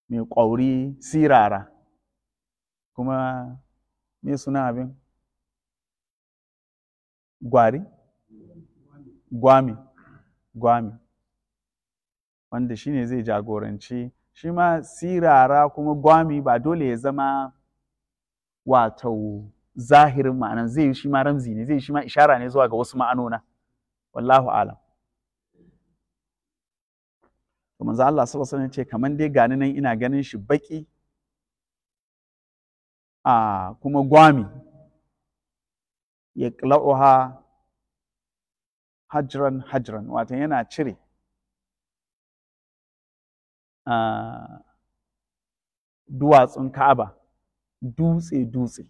mai ƙwauri sirara kuma me suna abin gwari gwami gwami wanda shine zai jagoranci shi ma sirara kuma gwami ba dole ya zama wato zahirin ma'anan zai yi shi ma ramzi ne zai yi shi ma ishara ne zuwa ga wasu ma'anona wallahu alam to manzo Allah sallallahu alaihi ce kaman dai gani nan ina ganin shi baki a kuma gwami ya qla'uha hajran hajran wato yana cire duwatsun Ka'aba dutse-dutse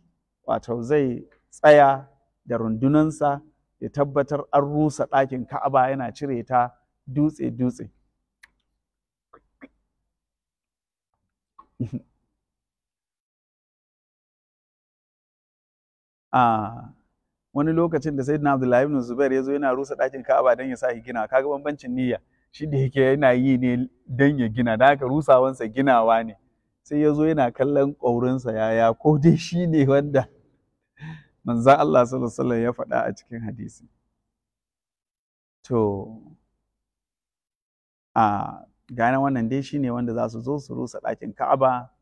wato zai tsaya da rundunansa ya tabbatar an rusa ɗakin ka'aba yana cire ta dutse-dutse a ah, wani lokacin da sayyidina abdullahi ibn zubair ya zo yana rusa ɗakin ka'aba don ya sa shi gina kaga bambancin niyya shi da yake yana yi ne don ya gina da haka rusawansa ginawa ne sai ya zo yana kallon ƙaurinsa yaya ko dai shi ne wanda manzan Allah sallallahu ya faɗa a cikin hadisi to a gane wannan dai shi ne wanda za su zo su rusa ɗakin ka'aba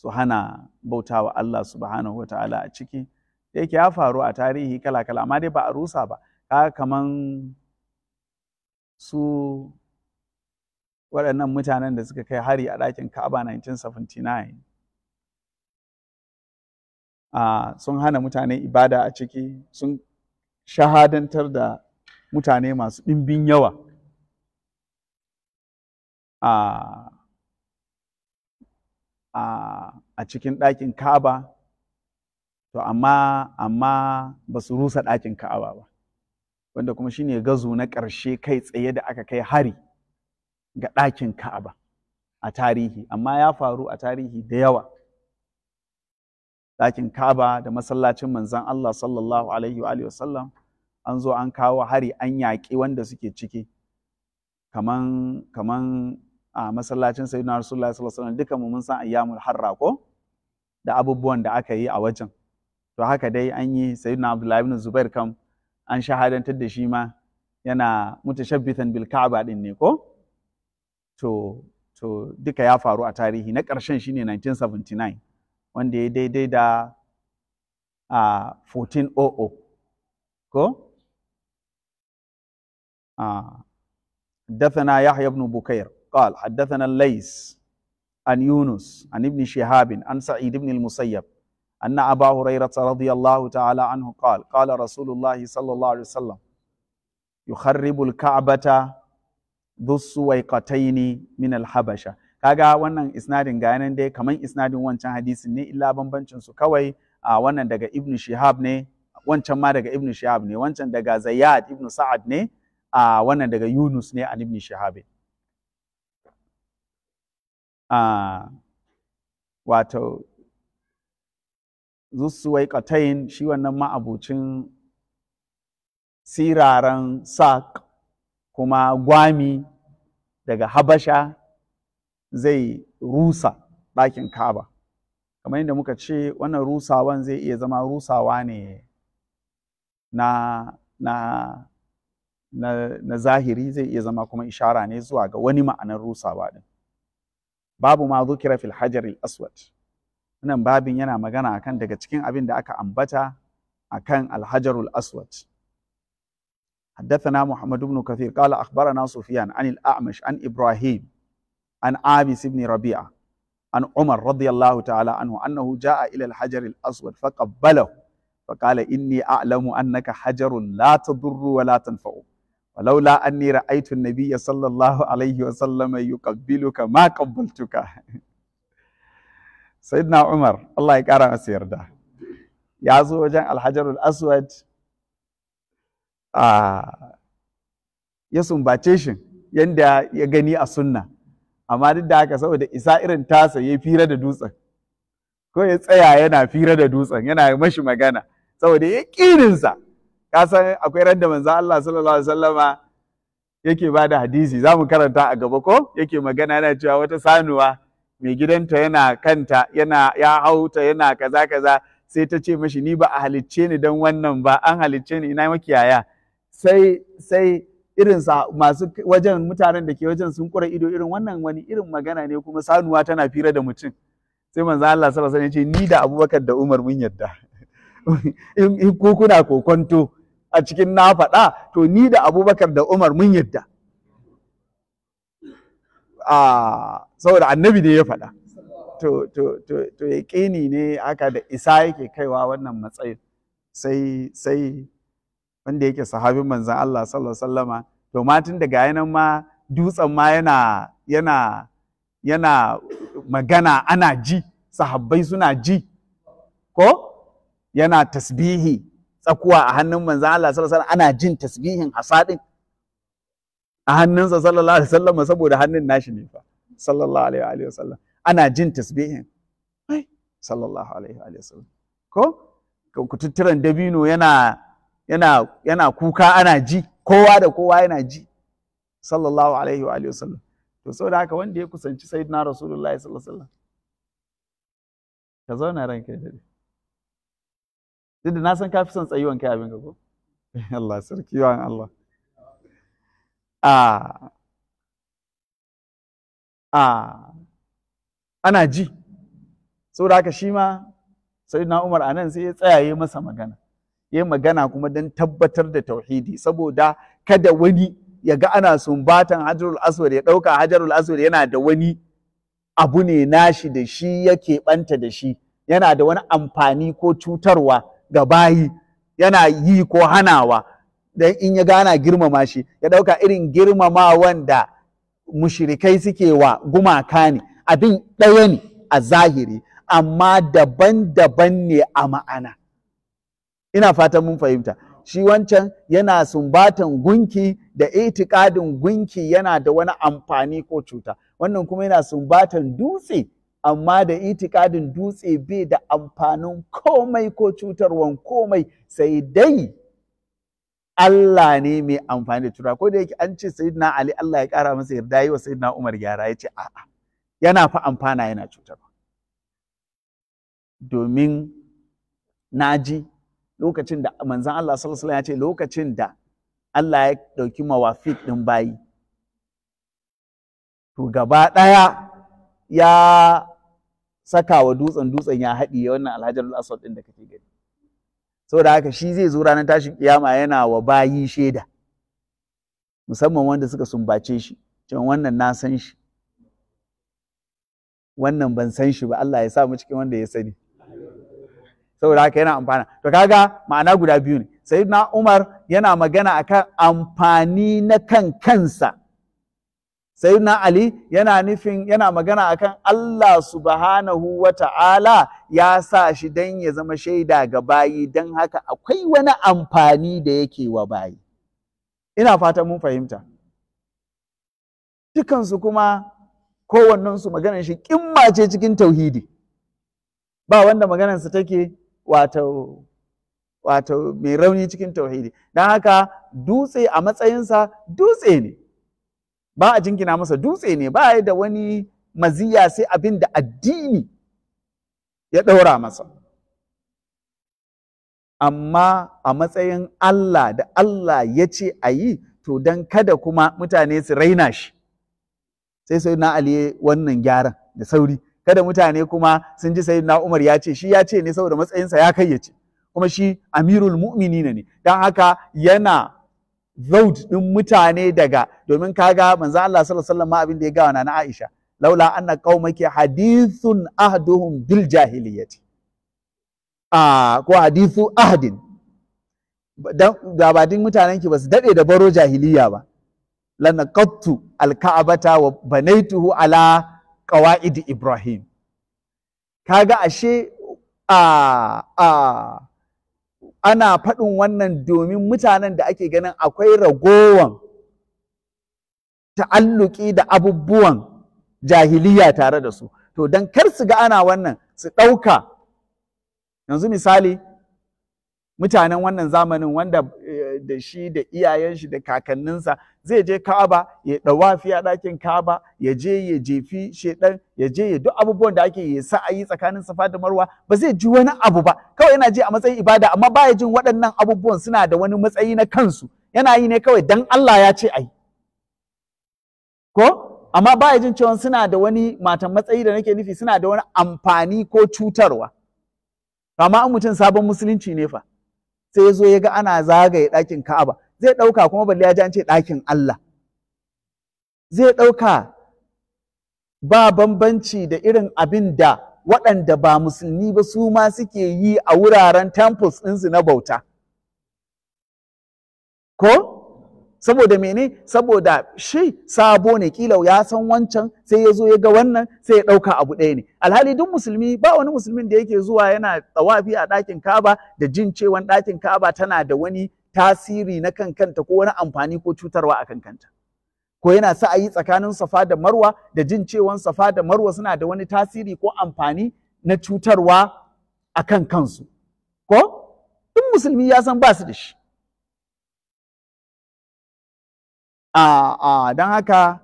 su hana bautawa Allah subhanahu wa ta'ala a ciki da yake ya faru a tarihi kala-kala amma dai ba a rusa ba kaman su waɗannan mutanen da suka kai hari a ɗakin Ka'aba 1979 uh, ah, sun hana mutane ibada a ciki sun shahadantar da mutane masu ɗimbin yawa uh, uh, a cikin ɗakin Ka'aba to amma amma ba su rusa ɗakin Ka'aba ba wanda kuma shine gazo na ƙarshe kai tsaye da aka kai hari ga ɗakin Ka'aba a tarihi amma ya faru a tarihi da yawa ɗakin Ka'aba da masallacin manzan Allah sallallahu alaihi wa an zo an kawo hari an yaƙi wanda suke ciki kaman a masallacin sayyidina rasulullahi sallallahu alaihi duka mu mun san ayyamul harra ko da abubuwan da aka yi a wajen to haka dai an yi sayyidina abdullahi ibn zubair kam an shahadantar da shi ma yana mutashabbitan bil ka'aba din ne ko to duka ya faru a tarihi na ƙarshen shi ne 1979 wanda ya daidai da a 1400 ko a dafana ya haifu nubu kayar ƙal a dafana lais an yunus an ibn shahabin an sa'id ibn musayyab an na aba huraira ta radiyallahu ta'ala an hukal ƙala rasulullahi sallallahu ariyar yukharribul ka'abata wai kataini min alhabasha kaga wannan isnadin ga nan dai kaman isnadin wancan hadisin ne illa bambancin su kawai a wannan daga ibnu shihab ne wancan ma daga ibnu shihab ne wancan daga zayyad ibnu sa'ad ne a wannan daga yunus ne an ibnu shihab a wato zusuwaikatain shi wannan ma'abucin siraran sak kuma gwami daga habasha zai rusa ɗakin kaba kamar yadda muka ce wannan rusawan zai iya zama rusawa ne na na na, na zahiri zai iya zama kuma ishara ne zuwa ga wani ma'anar rusawa din babu ma zukira fil hajar al aswad wannan babin yana magana akan daga cikin abin da aka ambata akan al aswat aswad حدثنا محمد بن كثير قال أخبرنا سفيان عن الأعمش عن إبراهيم عن عابس بن ربيعة عن عمر رضي الله تعالى عنه أنه جاء إلى الحجر الأسود فقبله فقال إني أعلم أنك حجر لا تضر ولا تنفع ولولا أني رأيت النبي صلى الله عليه وسلم يقبلك ما قبلتك سيدنا عمر الله يكرم سيرده يا زوجان الحجر الأسود ya sumbace shi yadda ya gani a sunna amma duk da haka saboda isa irin tasa ya fira da dutsen ko ya tsaya yana fira da dutsen yana mashi magana saboda ya ƙininsa ka san akwai randa manzo Allah sallallahu alaihi wasallama yake ba da hadisi za mu karanta a gaba ko yake magana yana cewa wata sanuwa mai gidanta yana kanta yana ya hauta yana kaza kaza sai ta ce mashi ni ba a halicce ni dan wannan ba an halicce ni ina makiyaya sai sai irin sa masu wajen mutanen da ke wajen sun kura ido irin wannan wani irin magana ne kuma sanuwa tana fira da mutum sai manzo Allah sallallahu alaihi wasallam ya ce ni da Abubakar da Umar mun yadda in ku kuna kokonto a cikin na faɗa to ni da Abubakar da Umar mun yadda a saboda annabi ne ya faɗa to to to to yaƙini ne haka da isa yake kaiwa wannan matsayin sai sai wanda yake sahabin manzan Allah sallallahu alaihi wasallama to ma da daga yanan ma dutsen ma yana yana yana magana ana ji sahabbai suna ji ko yana tasbihi tsakuwa a hannun manzan Allah sallallahu alaihi ana jin tasbihin hasadin a hannunsa sallallahu alaihi wasallam saboda hannun nashi ne fa sallallahu alaihi wasallam ana jin tasbihin sallallahu alaihi wasallam ko kututturan dabino yana yana yana kuka ana ji kowa da kowa yana ji sallallahu alaihi wa alihi wasallam to saboda haka wanda ya kusanci sayyidina rasulullahi sallallahu alaihi wasallam ka zauna ranka da duk da na san ka fi son tsayuwan kai abin ka ko Allah sarki yawan Allah ah ah ana ji saboda haka shi ma sayyidina Umar anan sai ya tsayaye masa magana ya magana kuma don tabbatar da tauhidi saboda kada wani ya ga ana sumbatan hajarul aswad ya ɗauka hajarul aswad yana da wani abu ne nashi da shi yake ɓanta da shi yana da wani amfani ko cutarwa ga bayi yana yi ko hanawa don in ya gana girmama shi ya ɗauka irin girmama wanda mushirikai suke wa gumaka ne abin ɗaya ne a zahiri amma daban-daban ne a ma'ana ina fatan mun fahimta shi wancan yana sumbatan gunki da itikadin gunki yana da wani amfani ko cuta wannan kuma yana sumbatan dutse amma da itikadin dutse bai da amfanin komai ko cutarwan komai sai dai Allah ne mai amfani da cuta ko da yake an ce sayyidina Ali Allah ya kara masa yarda yi wa sayyidina Umar gyara ya ce a'a yana fa amfana yana cutarwa domin naji lokacin da manzan Allah sallallahu ya ce lokacin da Allah ya ɗauki mawafik ɗin bayi to gaba ɗaya ya saka wa dutsen dutsen ya haɗiye wannan al aswad ɗin da kake gani saboda haka shi zai zo ranar tashin kiyama yana wa bayi shaida musamman wanda suka sumbace shi cewa wannan na san shi wannan ban san shi ba Allah ya sa mu cikin wanda ya sani saboda haka yana amfana to kaga ma'ana guda biyu ne sayyidina umar yana magana akan amfani na kan kansa sayyidina ali yana nufin yana magana akan Allah subhanahu wa ta'ala ya sa shi dan ya zama shaida ga bayi dan haka akwai wani amfani da yake wa bayi ina fata mun fahimta dukansu kuma kowannensu maganar shi kimma ce cikin tauhidi ba wanda maganarsa take wato mai rauni cikin tauhidi don haka dutse a matsayinsa dutse ne ba a jingina masa dutse ne ba da wani maziya sai abin da addini ya ɗaura masa amma a matsayin Allah da Allah ya ce a yi to don kada kuma mutane su raina shi sai sai na Ali wannan gyaran da sauri kada mutane kuma sun ji sayyidina Umar ya ce shi ya ce ne saboda matsayinsa ya kai ya ce kuma shi amirul mu'minina ne dan haka yana zaud din mutane daga domin kaga manzo Allah sallallahu alaihi wasallam abin da ya gawa na Aisha laula anna qaumaki hadithun ahduhum bil jahiliyyati ah ko hadithu ahdin dan da ba din mutanen ki basu dade da baro jahiliya ba al alka'abata wa banaituhu ala ƙawa'id Ibrahim. Kaga ashe a ana faɗin wannan domin mutanen da ake ganin akwai ragowan ta'alluki da abubuwan jahiliya tare da su. To don kar su ga ana wannan su ɗauka yanzu misali mutanen wannan zamanin wanda da shi da iyayen shi da kakanninsa zai je kaba ya dawafi a dakin Ka'aba ya je ya jefi shedan ya je ya duk abubuwan da ake yi tsakanin Safa da Marwa ba zai ji wani abu ba kawai yana je a matsayin ibada amma baya jin waɗannan abubuwan suna da wani matsayi na kansu yana yi ne kawai dan Allah ya ce ai ko amma ba jin cewa suna da wani matan matsayi da nake nufi suna da wani amfani ko cutarwa amma in mutum sabon musulunci ne fa sai ya zo ya ga ana zagaye ɗakin Ka'aba zai ɗauka kuma balle ya ji an ce ɗakin Allah zai ɗauka ba bambanci da irin abin da waɗanda ba musulmi ba su ma suke yi a wuraren temples ɗinsu na bauta ko saboda mene saboda shi sabo ne kila ya san wancan sai ya zo ya ga wannan sai ya ɗauka abu ɗaya ne alhali duk musulmi ba wani musulmin da yake zuwa yana tsawafi a ɗakin kaba da jin cewan ɗakin kaba tana da wani tasiri na kan kanta ko wani amfani ko cutarwa a kan kanta ko yana sa a yi tsakanin safa da marwa da jin cewan safa da marwa suna da wani tasiri ko amfani na cutarwa a kan kansu ko duk musulmi ya san ba su da shi a don haka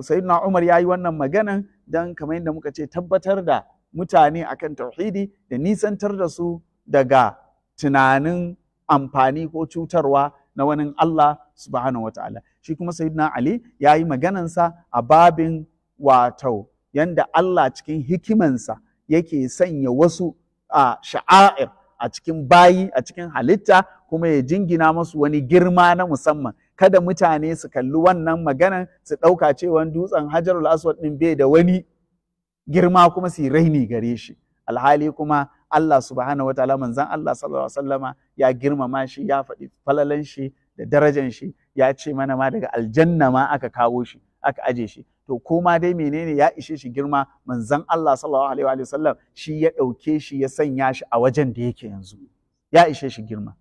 sayyidina umar ya yi wannan maganan don kamar yadda muka ce tabbatar da mutane akan tauhidi da nisantar da su daga tunanin amfani ko cutarwa na wani Allah subhanahu wa ta'ala shi kuma sayyidina Ali ya yi maganansa a babin wato yanda Allah cikin hikimansa yake sanya wasu a sha'air a cikin bayi a cikin halitta kuma ya jingina masu wani girma na musamman kada mutane su kalli wannan maganan su ɗauka cewa dutsen hajarul aswad ɗin bai da wani girma kuma su yi raini gare shi alhali kuma Allah subhanahu ta'ala manzan Allah sallallahu alaihi wasallama ya girmama shi ya faɗi falalan shi da darajan shi ya ce mana ma daga aljanna ma aka kawo shi aka aje shi to koma dai menene ya ishe shi girma manzan Allah sallallahu alaihi wasallam shi ya ɗauke shi ya sanya shi a wajen da yake yanzu ya ishe shi girma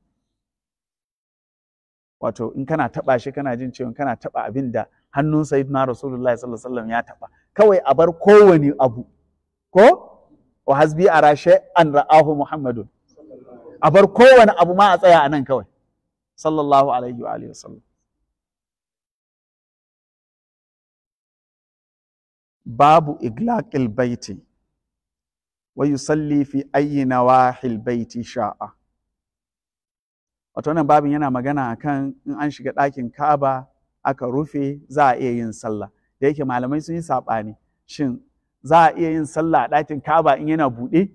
wato in kana taba shi kana jin cewa kana taba abin da hannun sayyidina rasulullahi sallallahu alaihi wasallam ya taba kawai a bar kowani abu ko wa hasbi arashe an ra'ahu muhammadun a bar kowani abu ma a tsaya a nan kawai sallallahu alaihi wa alihi wasallam babu iglaqil baiti wa yusalli fi ayyi nawahil baiti sha'a wato wannan babin yana magana akan in an shiga ɗakin Ka'aba aka rufe za a iya yin sallah da yake malamai sun yi saɓani shin za a iya yin sallah a ɗakin Ka'aba in yana buɗe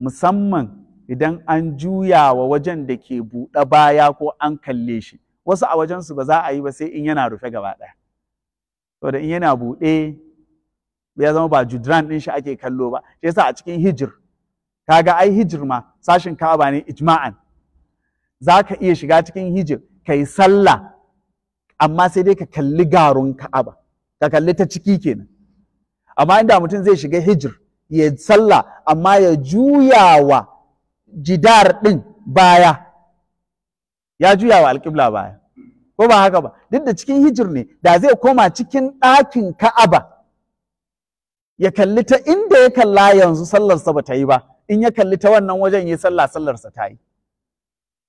musamman idan an juya wa wajen da ke buɗe baya ko an kalle shi wasu a wajensu ba za a yi ba sai in yana rufe gaba ɗaya da in yana buɗe ya zama ba judran ɗin shi ake kallo ba shi yasa a cikin hijir Ka ga ai hijir ma sashin Ka'aba ne ijma'an za ka iya shiga cikin hijir ka yi sallah amma sai dai ka kalli garun Ka'aba ka kalli ta ciki kenan amma inda mutum zai shiga hijir ya sallah amma ya juyawa jidar din baya ya juya wa alƙibla baya ko ba haka ba duk da cikin hijir ne da zai koma cikin ɗakin Ka'aba ya kalli ta inda ya kalla yanzu sallarsa ba ta yi ba in ya kalli ta wannan wajen ya sallah sallarsa ta yi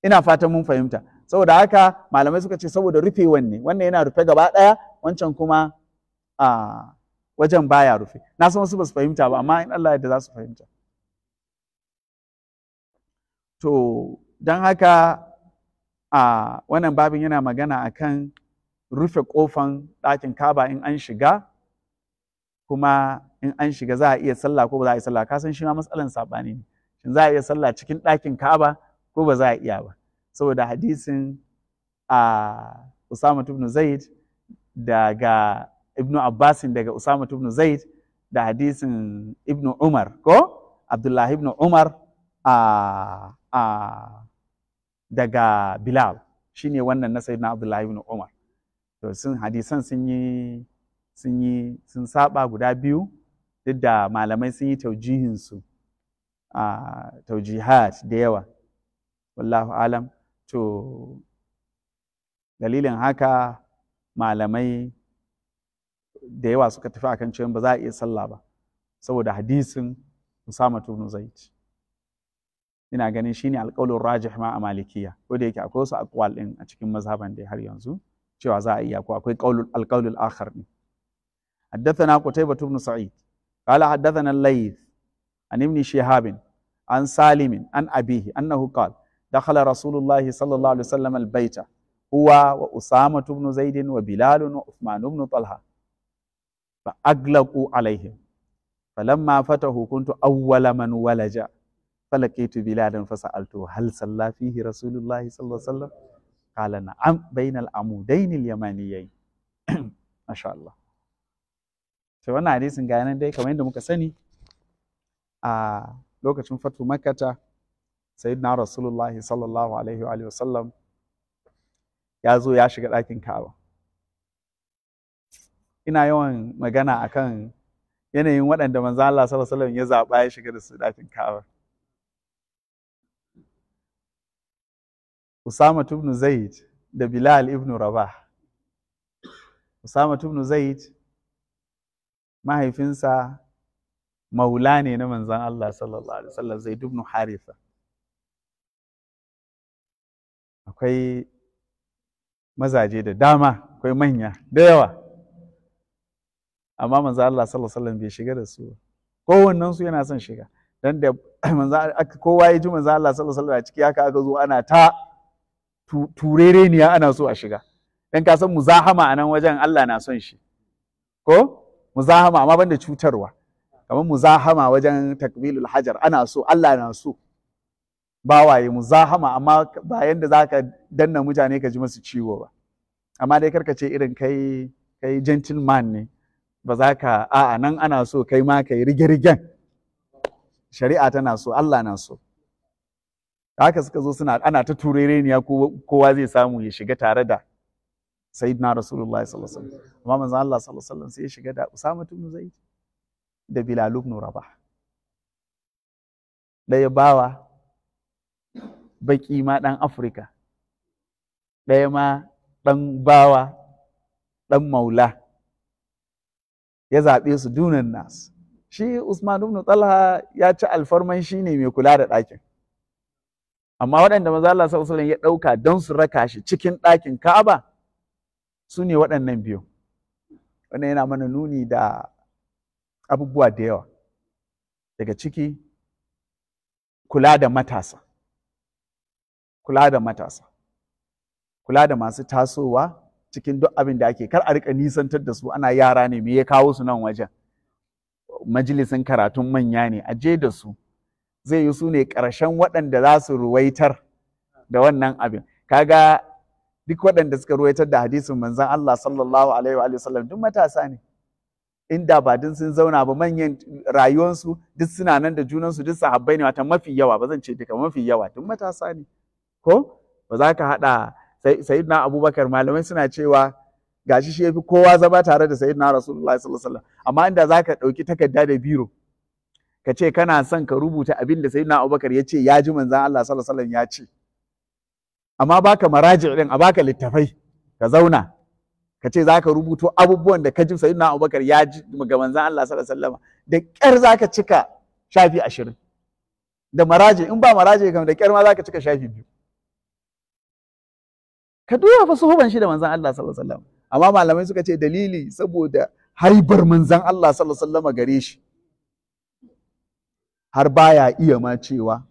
ina fatan mun fahimta saboda haka malamai suka ce saboda rufe wanne wannan yana rufe gaba ɗaya wancan kuma a wajen baya rufe na san wasu ba su fahimta ba amma in Allah yadda za su fahimta to don haka a wannan babin yana magana akan rufe ƙofan ɗakin kaba in an shiga kuma in an shiga za a iya sallah ko ba za a iya sallah ka san shi ma matsalan sabani ne shin za a iya sallah cikin ɗakin Ka'aba ko ba za a iya ba saboda hadisin a Usama ibn Zaid daga Ibn Abbasin daga Usama ibn Zaid da hadisin Ibn Umar ko Abdullah ibn Umar a daga Bilal shine wannan na Sayyidina Abdullah ibn Umar to sun hadisan sun sun yi sun saba guda biyu duk da malamai sun yi taujihinsu a taujihat da yawa wallahu alam to dalilin haka malamai da yawa suka tafi akan cewa ba za a iya sallah ba saboda hadisin Usama ibn Zaid ina ganin shine alƙaulun rajih ma a malikiya ko da yake akwai wasu akwal ɗin a cikin mazhaban da har yanzu cewa za a iya ko akwai alƙaulul akhar ne حدثنا قتيبة بن سعيد قال حدثنا الليث عن ابن شهاب عن سالم عن أبيه أنه قال دخل رسول الله صلى الله عليه وسلم البيت هو وأسامة بن زيد وبلال وعثمان بن طلحة فأغلقوا عليهم فلما فتحوا كنت أول من ولج فلقيت بلالا فسألته هل صلى فيه رسول الله صلى الله عليه وسلم قال نعم بين العمودين اليمانيين ما شاء الله to wannan hadisin ga nan dai kamar yadda muka sani a lokacin fatu makkata sayyidina rasulullahi sallallahu alaihi wa sallam ya zo ya shiga ɗakin ka'aba ina yawan magana akan yanayin waɗanda manzo Allah sallallahu alaihi wasallam ya zaɓa ya shiga da su ɗakin Ka'aba. Usama ibn Zaid da Bilal ibn Rabah. Usama ibn Zaid mahaifinsa maula ne na manzan Allah sallallahu alaihi wasallam zai dubnu Haritha akwai mazaje da dama akwai manya da yawa amma manzan Allah sallallahu alaihi wasallam bai shiga da su kowannen su yana son shiga don da manzan kowa ya ji manzan Allah sallallahu alaihi wasallam a ciki haka aka zo ana ta turereniya ana so a shiga Don ka san muzahama a nan wajen Allah na son shi ko muzahama amma banda cutarwa kamar muzahama wajen takbilul hajar ana so Allah na so Ba waye muzahama amma ba yanda zaka danna mutane ka ji musu ciwo ba amma dai karka ce irin kai kai gentleman ne ba za ka a'a nan ana so kai ma kai rigirgen shari'a tana so Allah na so haka suka zo suna ana ta turereniya kowa zai samu ya shiga tare da sayyidina rasulullah sallallahu alaihi wasallam amma manzo Allah sallallahu alaihi wasallam sai ya shiga da Usama ibn Zaid da Bilal ibn Rabah ɗaya bawa baki ma ɗan Afrika ɗaya ma ɗan bawa ɗan maula ya zaɓe su dunan nasu shi Usman ibn Talha ya ci alfarman shi ne mai kula da ɗakin. Amma waɗanda maza Allah sallallahu ya ɗauka don su raka shi cikin ɗakin Ka'aba su ne waɗannan biyu wannan yana mana nuni da abubuwa da yawa daga ciki kula da matasa kula da matasa kula da masu tasowa cikin duk abin da ake kar a rika nisantar da su ana yara ne me ya kawo su nan wajen majalisin karatun manya ne a je da su zai yi su ne ƙarshen waɗanda za su ruwaitar da wannan abin kaga duk waɗanda suka ruwaitar da hadisin Manzan Allah sallallahu alaihi wa sallam duk matasa ne inda ba din sun zauna ba manyan rayuwansu duk suna nan da junansu duk sahabbai ne wata mafi yawa ba zan ce duka mafi yawa duk matasa ne ko ba za ka haɗa sayyidina abubakar malamai suna cewa gashi shi yafi kowa zama tare da sayyidina rasulullahi sallallahu alaihi wasallam amma inda za ka ɗauki takarda da biro ka ce kana son ka rubuta abin da sayyidina abubakar ya ce ya ji manzan Allah sallallahu alaihi wasallam ya ce amma baka maraji din a baka littafai ka zauna ka ce zaka rubuto abubuwan da ka ji sayyidina Abubakar ya ji ga manzon Allah sallallahu alaihi wasallam da kyar zaka cika shafi ashirin da maraji in ba maraji kam da kyar ma zaka cika shafi biyu ka duba fa suhuban shi da manzon Allah sallallahu alaihi wasallam amma malamai suka ce dalili saboda haibar manzon Allah sallallahu alaihi wasallam gare shi har baya iya ma cewa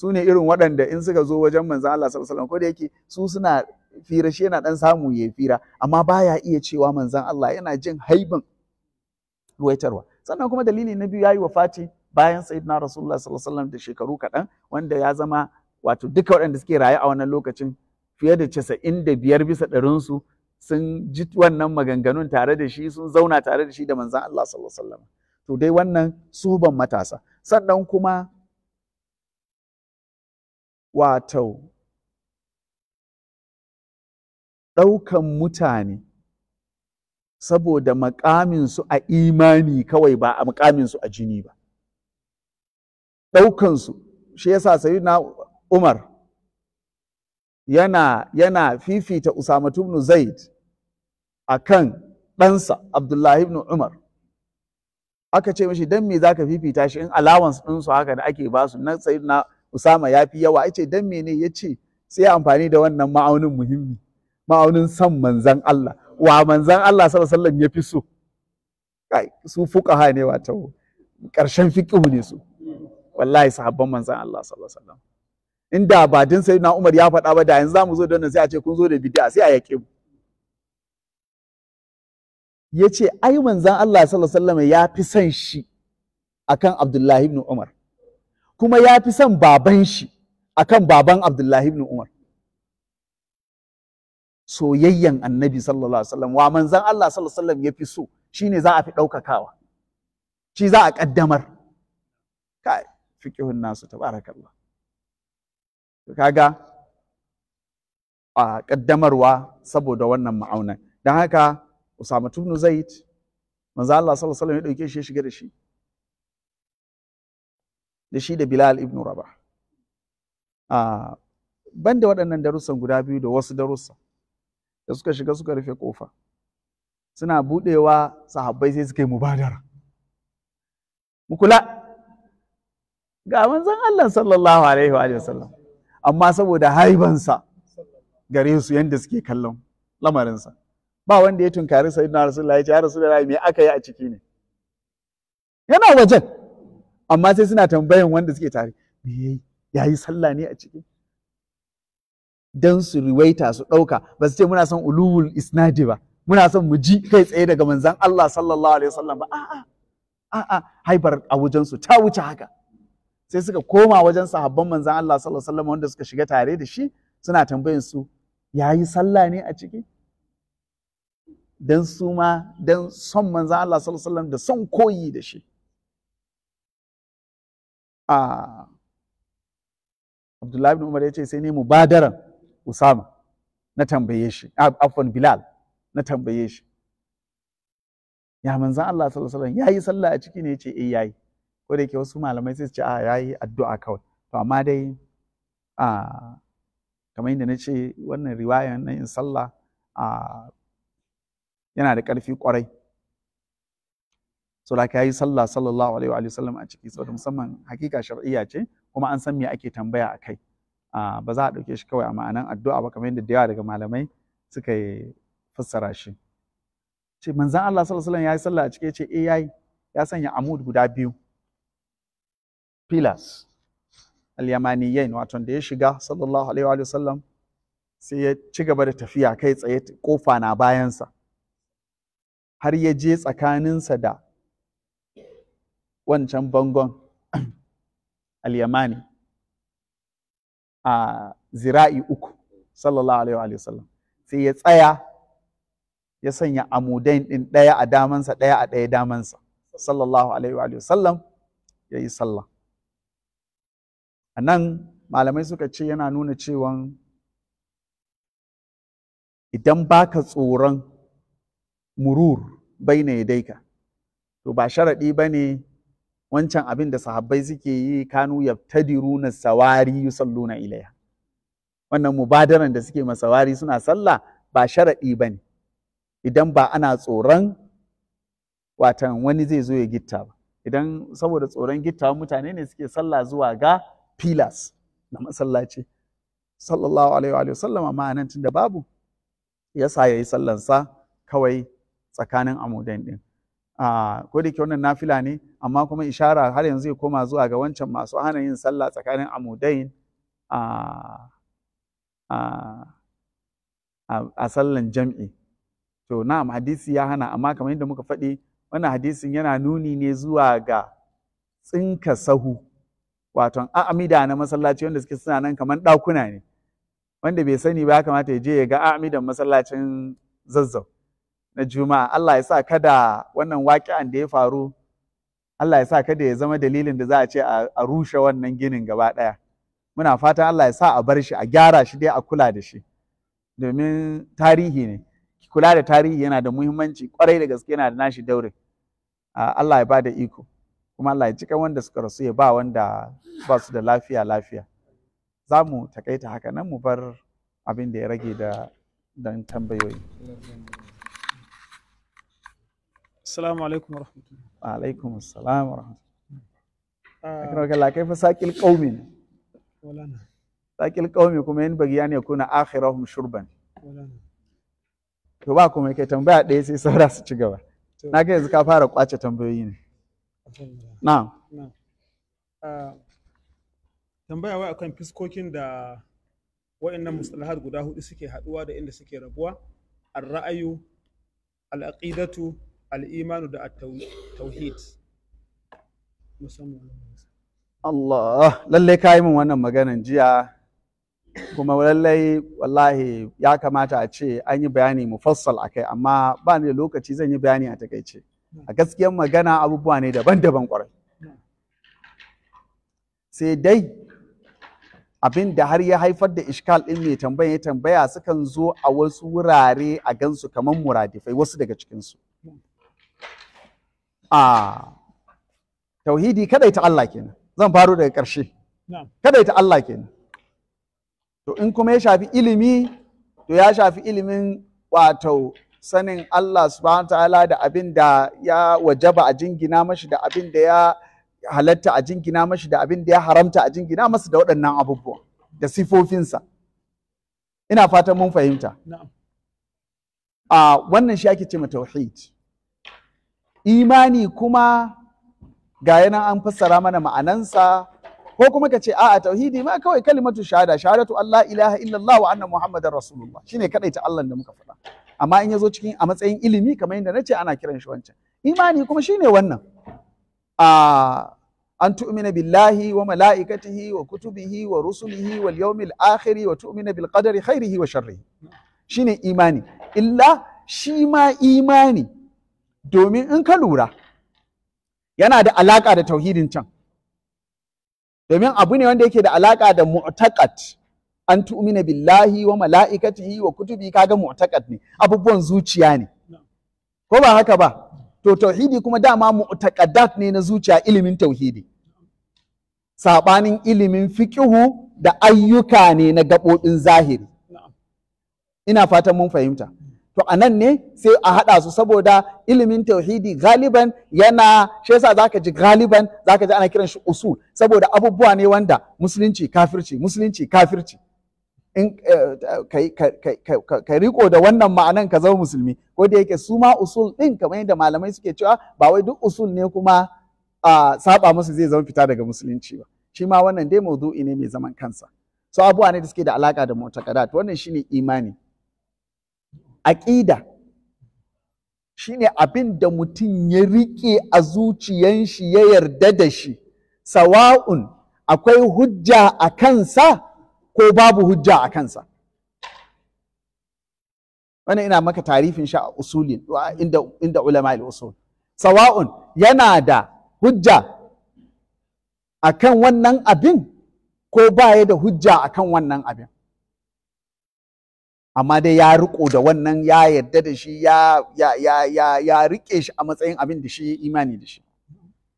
su ne irin waɗanda in suka zo wajen manzan Allah sallallahu alaihi wasallam ko da yake su suna fira shi yana dan samu ya fira amma baya iya cewa manzan Allah yana jin haibin ruwaitarwa sannan kuma dalili na biyu yayi wafati bayan sayyidina rasulullah sallallahu alaihi wasallam da shekaru kaɗan wanda ya zama wato duka waɗanda suke raye a wannan lokacin fiye da casa'in da biyar bisa ɗarinsu sun ji wannan maganganun tare da shi sun zauna tare da shi da manzan Allah sallallahu alaihi wasallam to dai wannan suban matasa sannan kuma wato ɗaukan mutane saboda makaminsu a imani kawai ba a makaminsu a jini ba ɗaukansu shi yasa sayi na umar yana yana fifita usama ibn zaid a kan ɗansa abdullahi ibn umar aka ce mashi don me zaka fifita shi in allowance ɗinsu haka da ake basu na sayi na usama ya fi yawa ya ce don mene ya ce sai amfani da wannan ma'aunin muhimmi ma'aunin san manzan Allah wa manzan Allah sallallahu ya fi so kai su fuqaha ne wato karshen fiqhu ne su wallahi sahabban manzan Allah sallallahu alaihi wasallam inda ba din sai na Umar ya faɗa ba da yanzu zamu zo da wannan sai a ce kun zo da bid'a sai a yake mu yace ai manzan Allah sallallahu alaihi wasallam ya fi son shi akan Abdullahi ibn Umar kuma ya fi son baban shi akan baban Abdullahi ibn Umar soyayyen annabi sallallahu alaihi wasallam wa manzan Allah sallallahu alaihi wasallam ya fi so Shi ne za a fi ɗaukakawa shi za a ƙaddamar kai fiqihun nasu tabarakallah Ka kaga a ƙaddamarwa saboda wannan ma'aunan don haka Usama ibn Zaid manzan Allah sallallahu alaihi wasallam ya ɗauke shi ya shiga da shi da shi da Bilal ibn Rabah a ban da waɗannan darussan guda biyu da wasu darussa da suka shiga suka rufe ƙofa suna buɗewa sahabbai sai suka yi mubadara mu kula ga manzon Allah sallallahu alaihi wa sallam amma saboda haibansa gare su yanda suke kallon lamarinsa ba wanda ya tunkari sayyidina rasulullahi ya ce ya rasulullahi me aka yi a ciki ne yana wajen amma sai suna tambayan wanda suke tare me yayi yi sallah ne a ciki dan su riwaita su ɗauka ba su ce muna son uluwul isnadi ba muna son mu ji kai tsaye daga manzan Allah sallallahu alaihi wasallam ba a'a a'a haibar a wajen su ta wuce haka sai suka koma wajen sahabban manzan Allah sallallahu alaihi wasallam wanda suka shiga tare da shi suna tambayin su yi sallah ne a ciki dan su ma dan son manzan Allah sallallahu alaihi wasallam da son koyi da shi a Abdullahi ibn Umar ya ce sai ne mubadaran Usama na tambaye shi afwan Bilal na tambaye shi ya manzan Allah sallallahu alaihi wasallam yayi sallah a ciki ne yace eh yayi ko da yake wasu malamai sai su ce a yayi addu'a kawai to amma dai a kamar yadda na ce wannan riwayan na yin sallah a yana da ƙarfi ƙwarai so da yi sallah sallallahu alaihi wa sallam a ciki saboda musamman hakika shar'iyya ce kuma an san me ake tambaya a kai ba za a ɗauke shi kawai a ma'anan addu'a ba kamar yadda da yawa daga malamai suka fassara shi ce manzan Allah sallallahu alaihi wa sallam yayi sallah a ciki ce eh yayi ya sanya amud guda biyu pillars al yamaniyyin wato da ya shiga sallallahu alaihi wa sallam sai ya ci gaba da tafiya kai tsaye kofa na bayansa har ya je tsakaninsa da wancan bangon al-yamani a zira'i uku sallallahu alaihi wa sallam sai ya tsaya ya sanya amudain din ɗaya a damansa ɗaya a ɗaya damansa sallallahu alaihi wa sallam ya yi sallah a nan malamai suka ce yana nuna cewa idan baka tsoron murur bai na daika to ba sharaɗi ba ne wancan abin da sahabbai suke yi kanu runa sawari salluna ilaiha wannan mubadaran da suke masawari suna sallah ba sharaɗi ba ne idan ba ana tsoron watan wani zai zo ya gitta ba idan saboda tsoron gitta mutane ne suke sallah zuwa ga filas na masallaci sallallahu alaihi wa sallama ma'anan tun da babu ya yasa yayi sallansa kawai tsakanin amudan din a ko da yake wannan nafila ne amma kuma ishara har yanzu ya koma zuwa ga wancan masu hana yin sallah tsakanin amudain a a sallan jam'i to na'am hadisi ya hana amma kamar yadda muka faɗi wannan hadisin yana nuni ne zuwa ga tsinka sahu Wato a'amida na masallaci wanda suke suna nan kamar ɗakuna ne wanda bai sani ba ya kamata ya je ya ga a'amidan masallacin zazzau na juma'a Allah ya sa kada wannan waƙi'an da ya faru Allah ya sa kada ya zama dalilin da za a ce a rushe wannan ginin gaba ɗaya muna fatan Allah ya sa a bar shi a gyara shi dai a kula da shi domin tarihi ne kula da tarihi yana da muhimmanci kwarai da gaske yana da nashi daure Allah ya ba da iko kuma Allah ya cika wanda suka rasu ya ba wanda ba su da lafiya lafiya za mu takaita haka nan mu bar abin da ya rage da don tambayoyi Assalamu alaikum warahmatullahi. Wa alaikum assalam warahmatullahi. Ah. Akan wakala kai fa saqil qaumi. Walana. Saqil qaumi kuma yin bagi an yakuna akhirahum shurban. Walana. To ba kuma kai tambaya ɗaya sai saura su ci gaba. Na ga yanzu ka fara kwace tambayoyi ne. Na'am. Ah, tambaya wai akan fiskokin da wa'annan mustalahat guda hudu suke haduwa da inda suke rabuwa. Ar-ra'ayu, al-aqidatu, al'imanu da tauhid Allah lallai ka yi min wannan maganan jiya kuma lallai wallahi ya kamata a ce an yi bayani mufassal kai amma ba ni da lokaci zan yi bayani a takaice a gaskiyar magana abubuwa ne daban-daban kwarai sai dai abin da har ya haifar da ishkal ɗin mai tambaya tambaya sukan zo a wasu wurare a gansu kamar muradifai wasu daga cikinsu a tauhidi ta Allah kenan zan faro daga ƙarshe ta Allah kenan to in kuma ya shafi ilimi to ya shafi ilimin wato sanin Allah subhanahu ta'ala da abin da ya wajaba a jingina mashi da abin da ya halatta a jingina mashi da abin da ya haramta a jingina masa da waɗannan abubuwa da sifofinsa ina fatan mun fahimta a wannan shi ake ce ma tauhid imani kuma ga yanan an fassara mana ma'anansa ko kuma ka ce a'a tauhidi ma kawai kalimatu shahada shahadatu Allah ilaha illallah wa anna muhammadar rasulullah shine kadai ta Allah da muka faɗa amma in yazo cikin a matsayin ilimi kamar yadda nace ana kiran shi wancan imani kuma shine wannan a an tu'mina billahi wa mala'ikatihi wa kutubihi wa rusulihi wal yawmil akhir wa tu'mina bil qadari khairihi wa sharrihi shine imani illa shi ma imani domin in ka lura yana da alaƙa da tauhidin can domin abu ne wanda yake da alaƙa da mu'taqat an tu'mina billahi wa mala'ikatihi wa kutubi kaga mu'taqat ne abubuwan zuciya ne ko ba haka ba to tauhidi kuma dama mu'taqadat ne na zuciya ilimin tauhidi sabanin ilimin fiƙihu da ayyuka ne na gaɓoɓin zahiri ina fatan mun fahimta to a nan ne sai a haɗa su saboda ilimin tauhidi galiban yana shi yasa zaka ji galiban zaka ji ana kiran shi usul saboda abubuwa ne wanda musulunci kafirci musulunci kafirci in eh, ka riko da wannan ma'anan ka zama musulmi ko da yake su ma usul ɗin kamar yadda malamai suke cewa ba wai duk usul ne kuma a saba musu zai zama fita daga musulunci ba shi ma wannan dai maudu'i ne mai zaman kansa so abubuwa ne da suke da alaka da mutakadat wannan shine imani aƙida ne abin da mutum ya riƙe a zuciyan shi ya yarda da shi sawa'un akwai hujja a kansa ko babu hujja a kansa wannan ina maka tarifin sha a usuli inda inda ulama usul sawa'un yana da hujja a kan wannan abin ko baya da hujja a kan wannan abin amma dai ya riko da wannan ya yarda da shi ya rike shi a matsayin abin da shi imani da shi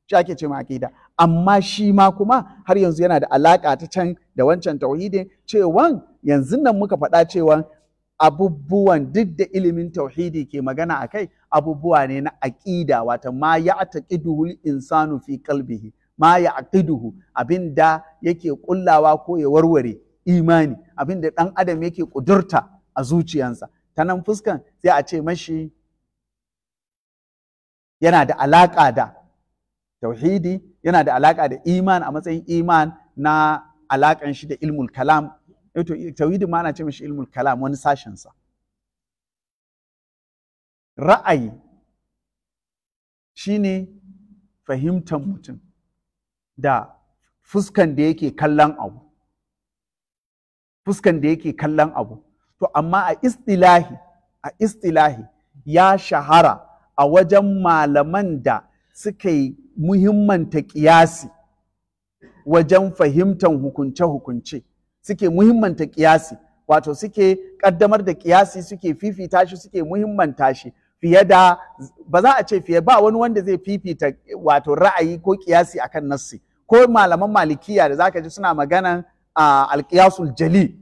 shi ake ce da. amma shi ma kuma har yanzu yana da alaka ta can da wancan tauhidin cewan yanzu nan muka faɗa cewan abubuwan duk da ilimin tauhidi ke magana a kai abubuwa ne na aƙida wata ma ya taqiduhu insanu fi kalbihi ma ya aqiduhu abinda yake kullawa ko ya warware imani Abin da ɗan adam yake ƙudurta a zuciyansa ta nan fuskan sai a ce mashi yana da alaƙa da tauhidi yana da alaƙa da iman a matsayin iman na alaƙan shi da ilmul kalam eh tauhidi ma ana ce mashi ilmul kalam wani sashensa ra'ayi shine fahimtar mutum da fuskan da yake kallon abu fuskan da yake kallon abu to amma a istilahi a istilahi ya shahara a wajen malaman da suka yi muhimmanta ƙiyasi wajen fahimtar hukunce-hukunce suke muhimmanta ƙiyasi wato suke ƙaddamar da ƙiyasi suke fifita shi suke muhimmanta shi fiye da ba za a ce fiye ba wani wanda zai fifita wato ra'ayi ko ƙiyasi akan nassi ko malaman malikiya da zaka ji suna maganan ah, alkiyasul jali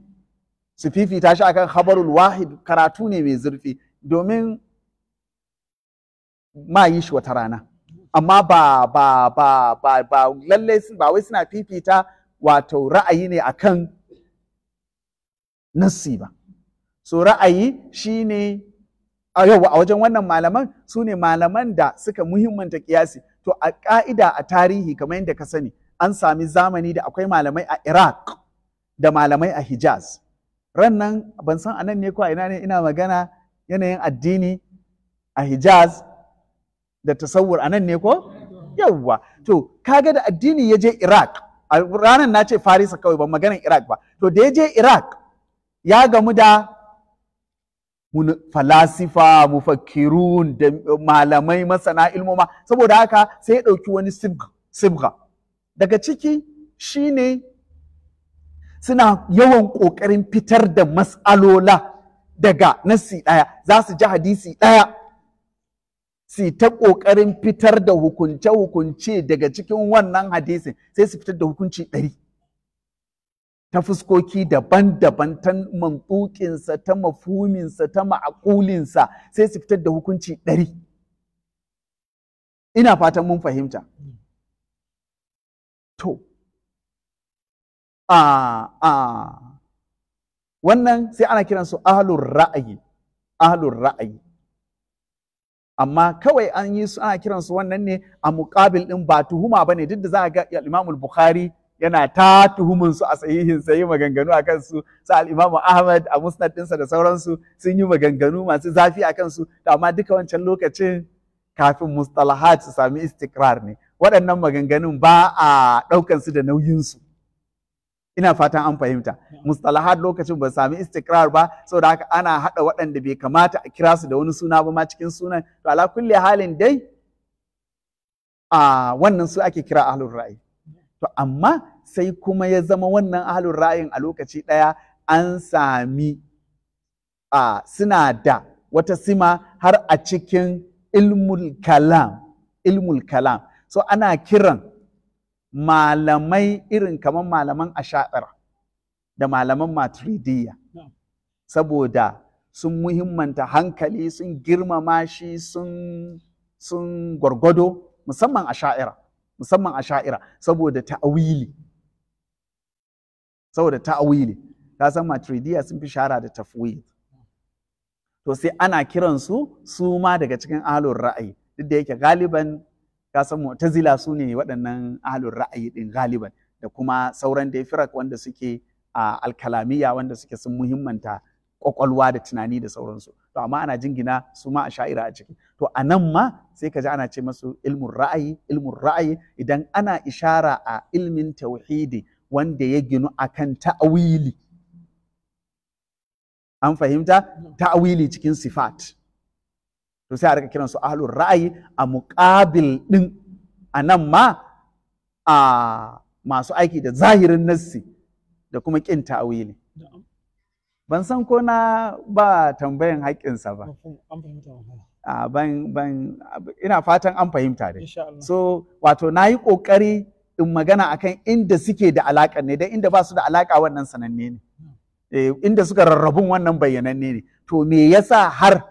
su fifita shi akan habarul wahid karatu ne mai zurfi domin ma yi shi wata rana amma ba ba ba ba ba lalle ba wai suna fifita wato ra'ayi ne akan nassi ba so ra'ayi shine a yau a wajen wannan malaman su ne malaman da suka muhimmanta kiyasi to a ka'ida a tarihi kamar yadda ka sani an sami zamani da akwai malamai a iraq da malamai a hijaz ran nan ban san anan ne ko ina ne ina magana yanayin addini a hijaz da tasawur anan ne ko yawwa to kaga da addini ya je iraq a ranar na ce farisa kawai ban maganar iraq ba to da ya je iraq ya gamu da falasifa mufakkirun da malamai masana ilmoma saboda haka sai ya ɗauki wani sibga daga ciki shine suna yawan ƙoƙarin fitar da mas'alola daga nassi ɗaya za su ji hadisi ɗaya su ta ƙoƙarin fitar da hukunce-hukunce daga cikin wannan hadisin sai su fitar da hukunci ɗari ta fuskoki daban-daban ta mantukinsa ta mafuminsa ta ma'akulinsa sai su fitar da hukunci ɗari ina fatan mun fahimta to a wannan sai ana kiransu ahlur ra'ayi ahlur ra'ayi amma kawai an yi su ana kiransu wannan ne a muƙabil din ba tuhuma ba ne duk da za a ga al'imamul bukhari yana ta tuhumin su a sahihin sai maganganu a kansu sai al'imamu ahmad a musnad ɗinsa da sauransu sun yi maganganu masu zafi a kansu amma duka wancan lokacin kafin mustalahat su sami istikrar ne waɗannan maganganun ba a ɗaukansu da nauyinsu ina fatan an fahimta mustalahat lokacin ba sami istikrar ba saboda haka ana hada waɗanda bai kamata a kira su da wani suna ba ma cikin sunan to ala kulli halin dai a wannan su ake kira ahlur ra'ayi to amma sai kuma ya zama wannan ahlur ra'ayin a lokaci ɗaya an sami a suna da wata sima har a cikin ilmul kalam ilmul kalam so ana kiran malamai irin kamar malaman asha'ira da malaman maturidiyya saboda sun muhimmanta hankali sun girmama shi sun gwargwado musamman asha'ira musamman asha'ira saboda ta'awili saboda ta'awili ka san maturidiyya sun fi shara da tafwid to sai ana kiransu su ma daga cikin ahlul ra'ayi duk da yake galiban ka san mu'tazila su ne waɗannan ahlul ra'ayi ɗin galiban da kuma sauran da firak wanda suke a alkalamiya wanda suke sun muhimmanta kwakwalwa da tunani da sauransu to amma ana jingina su ma a sha'ira a ciki to a nan ma sai ka ji ana ce masu ilmun ra'ayi ilmun ra'ayi idan ana ishara a ilmin tauhidi wanda ya ginu akan ta'awili an fahimta ta'awili cikin sifat to sai a rika kiransu ahlu ra'ayi a muƙabil ɗin a nan ma a masu aiki da zahirin nassi da kuma ƙin ta'awili ban san ko na ba tambayan haƙƙinsa ba ban ban ina fatan an fahimta dai so wato na yi ƙoƙari in magana akan inda suke da alaƙa ne dan inda ba su da alaƙa wannan sananne ne eh, inda suka rarrabun wannan bayyananne ne to me yasa har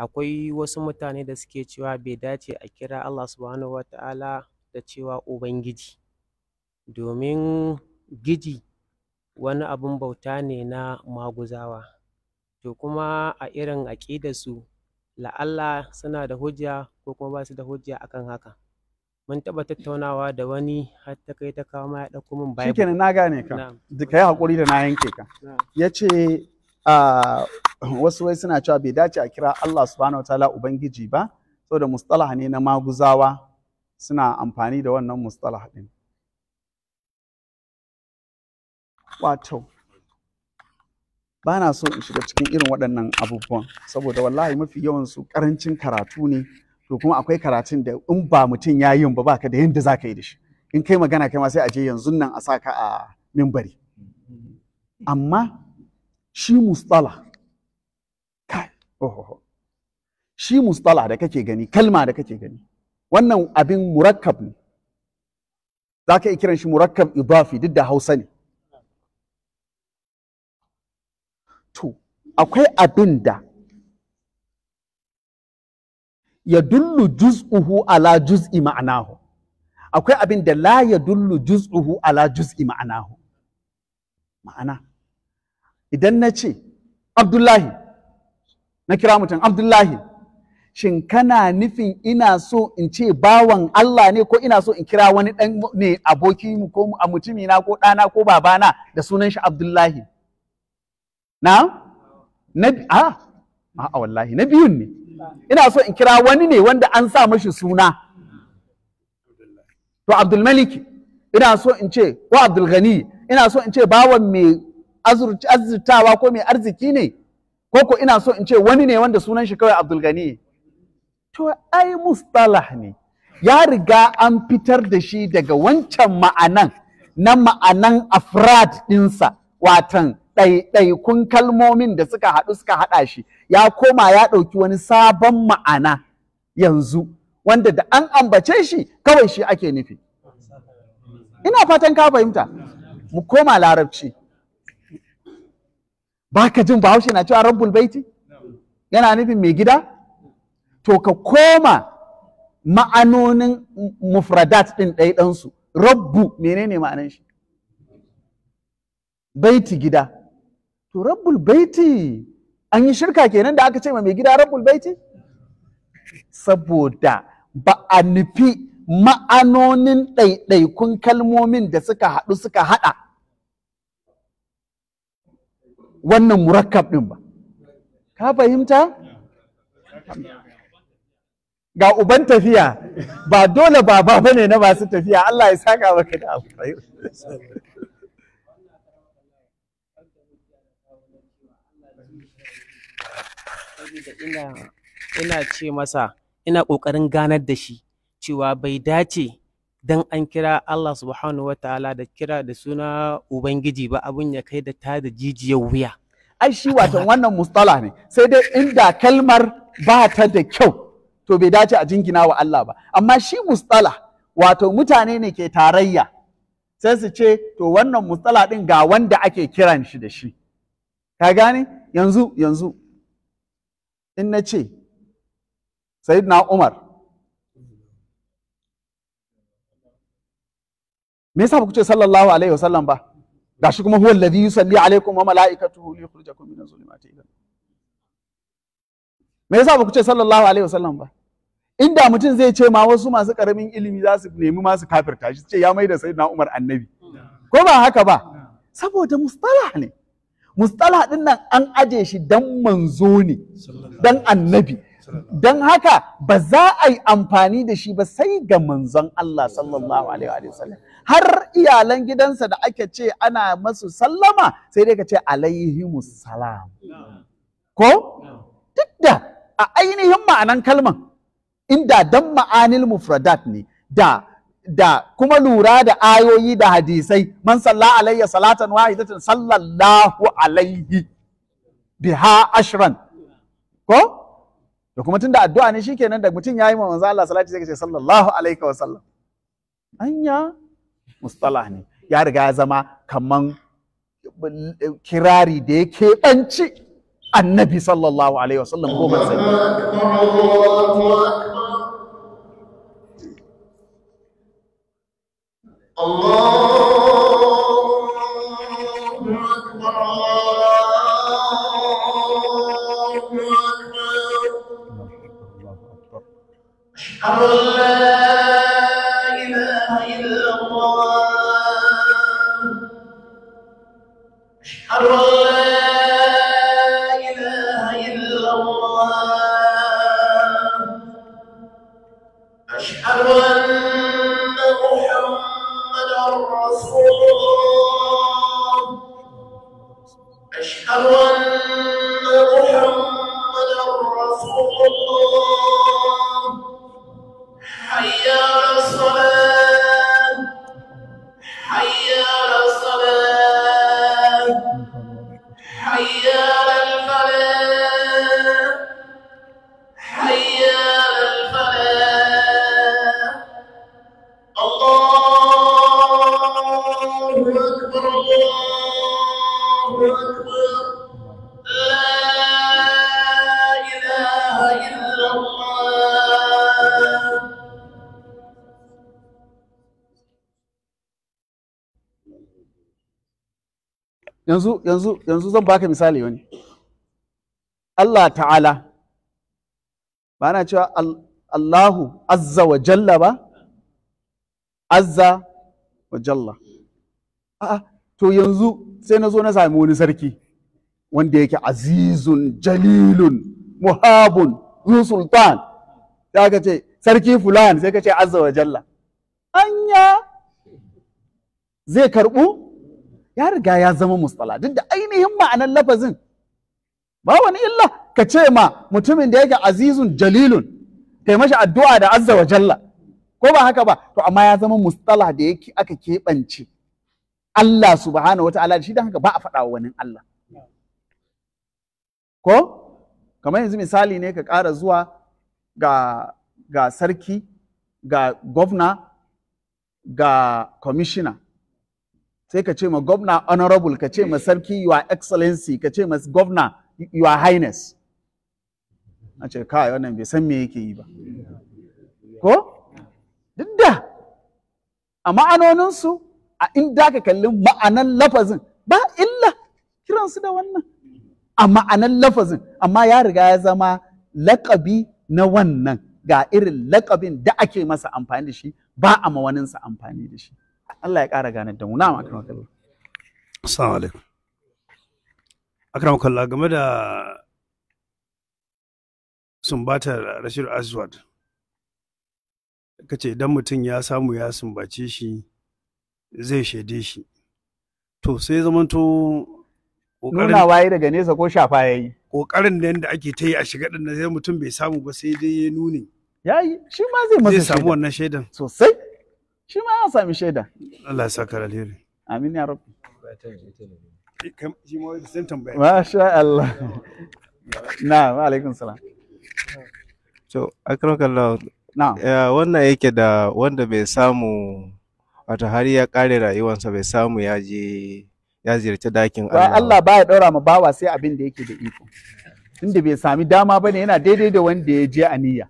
akwai wasu mutane da suke cewa bai dace a kira Allah subhanahu wata'ala da cewa ubangiji domin giji wani abin bauta ne na maguzawa to kuma a irin aƙidarsu la'alla suna da hujja ko kuma ba su da hujja akan haka mun taɓa tattaunawa da wani har ta kai ta kawo ma ya ɗauko min bible shikenan na gane ka ka yi haƙuri da na yanke ka ya ce wasu wai suna cewa bai dace a kira Allah subhanahu wataala ubangiji ba saboda mustalah ne na maguzawa suna amfani da wannan mustalah din wato ba na so in shiga cikin irin waɗannan abubuwan saboda wallahi mafi yawan su karancin karatu ne to kuma akwai karatun da in ba mutum ya yin ba baka da yadda za ka yi da shi in kai magana kai ma sai a je yanzu nan a saka a mimbari amma shi mustala kai ohoho shi mustala da kake gani kalma da kake gani wannan abin murakkab ne za ka iya kiran shi murakkab idafi duk da hausa ne to akwai abin da ya dullu juz'uhu ala juz'i ma'anahu akwai abin da la ya dullu juz'uhu ala juz'i ma'anahu ma'ana idan na ce abdullahi na kira mutum abdullahi shin kana nufin ina so in ce bawan Allah ne ko ina so in kira wani ɗan ne aboki ko a mutumina ko ɗana ko babana da sunan shi abdullahi na na a a wallahi na biyun ne ina so in kira wani ne wanda an sa mashi suna to abdulmaliki ina so in ce ko abdulghani ina so in ce bawan mai azurtawa ko mai arziki ne ko ina so in ce wani ne wanda sunan shi kawai Abdulgani to ai mustalah ne ya riga an fitar da shi daga wancan ma'anan na ma'anan afrad ɗinsa watan ɗaiɗaikun kalmomin da suka haɗu suka haɗa shi ya koma ya ɗauki wani sabon ma'ana yanzu wanda da an ambace shi kawai shi ake nufi ina fatan ka fahimta mu koma larabci ba ka jin bahaushe na cewa rabbul baiti yana nufin mai gida to ka koma ma'anonin mufradat ɗin ɗaiɗansu rabbu menene ma'anan shi baiti gida to rabbul baiti an yi shirka kenan da aka ce ma mai gida rabbul baiti saboda ba a nufi ma'anonin ɗaiɗaikun kalmomin da suka haɗu suka haɗa wannan murakkab ɗin ba ka fahimta ga uban tafiya ba dole baba ba ne na masu tafiya Allah ya saka maka da abu ina ce masa ina ƙoƙarin ganar da shi cewa bai dace dan an kira Allah subhanahu ta'ala da kira da suna ubangiji ba abun ya kai da ta da jijiyar wuya ai shi watan wannan mustala ne sai dai inda kalmar ba ta da kyau to bai dace a jingina wa Allah ba amma shi mustala wato mutane ne ke tarayya sai su ce to wannan mustala din ga wanda ake kiran shi da shi ka gane yanzu yanzu in na ce sayyidina Umar me yasa baku ce sallallahu alaihi wasallam ba gashi kuma huwa alladhi yusalli alaikum wa malaikatuhu li yukhrijakum min ila me yasa baku ce sallallahu alaihi wasallam ba inda mutum zai ce ma wasu masu karamin ilimi za su nemi masu kafirta shi ce ya maida sayyidina Umar annabi ko ba haka ba saboda mustalah ne mustalah din nan an aje shi dan manzo ne dan annabi don haka ba za a yi amfani da shi ba sai ga manzon Allah sallallahu alaihi wa har iyalan gidansa da ake ce ana masu sallama sai dai ka ce alaihi salam ko duk da a ainihin ma'anan kalman inda dan ma'anil mufradat ne da da kuma lura da ayoyi da hadisai man salla alayya salatan wahidatan sallallahu alaihi biha ashran ko to kuma tunda addu'a ne shikenan da mutum yayi ma manzo Allah salati sai ka ce sallallahu alaihi wa sallam anya mustalah ne ya riga ya zama kaman eh, kirari da ya keɓanci annabi sallallahu alaihi wa sallam", ko ban sani Allah الرحمن yanzu yanzu yanzu zan baka misali wani Allah ta'ala ba na cewa Allahu azza wa jalla ba azza wa jalla a'a to yanzu sai na zo na sami wani sarki wanda yake azizun jalilun muhabun zu sultan sai ka ce sarki fulan sai ka ce azza wa jalla anya zai karbu ya riga ya zama mustala duk da ainihin ma'anar lafazin ba wani illa ka ce ma mutumin da yake azizun jalilun kai mashi addu'a da azza wa jalla ko ba haka ba to amma ya zama mustala da yake aka keɓance Allah subhanahu wa ta'ala shi don haka ba a faɗa wa wani Allah ko kamar yanzu misali ne ka ƙara zuwa ga ga sarki ga gwamna ga kwamishina sai ka ce ma gwamna honorable ka ce ma sarki your excellency ka ce ma gwamna your highness a ce kawai wannan bai san me yake yi ba ko duk da a ma'anoninsu a inda ka kalli ma'anan lafazin ba illa kiransu da wannan a ma'anan lafazin amma ya riga ya zama laƙabi na wannan ga irin laƙabin da ake masa amfani da shi ba a mawaninsa amfani da shi Allah ya ƙara ganin da muna ma makarar kallo assalamu alaikum akram kalla game da sumbatar rashid aswad kace idan mutum ya samu ya sumbace shi zai shaide shi to sai zamanto nuna waye daga nesa ko shafa ya yi ƙoƙarin da yadda ake ta yi a shiga ɗin na sai mutum bai samu ba sai dai ya nuni ya yi shi ma zai masa samu wannan shaidan sosai shi ma ya sami shaida Allah ya saka alheri amin ya rabbi masha Allah na wa alaikun salam to akramakallah na wannan yake da wanda bai samu wata har ya kare rayuwarsa bai samu ya je ya ziyarci dakin Allah Allah baya ɗora ma bawa sai abin da yake da iko tunda bai sami dama bane yana daidai da wanda ya je aniya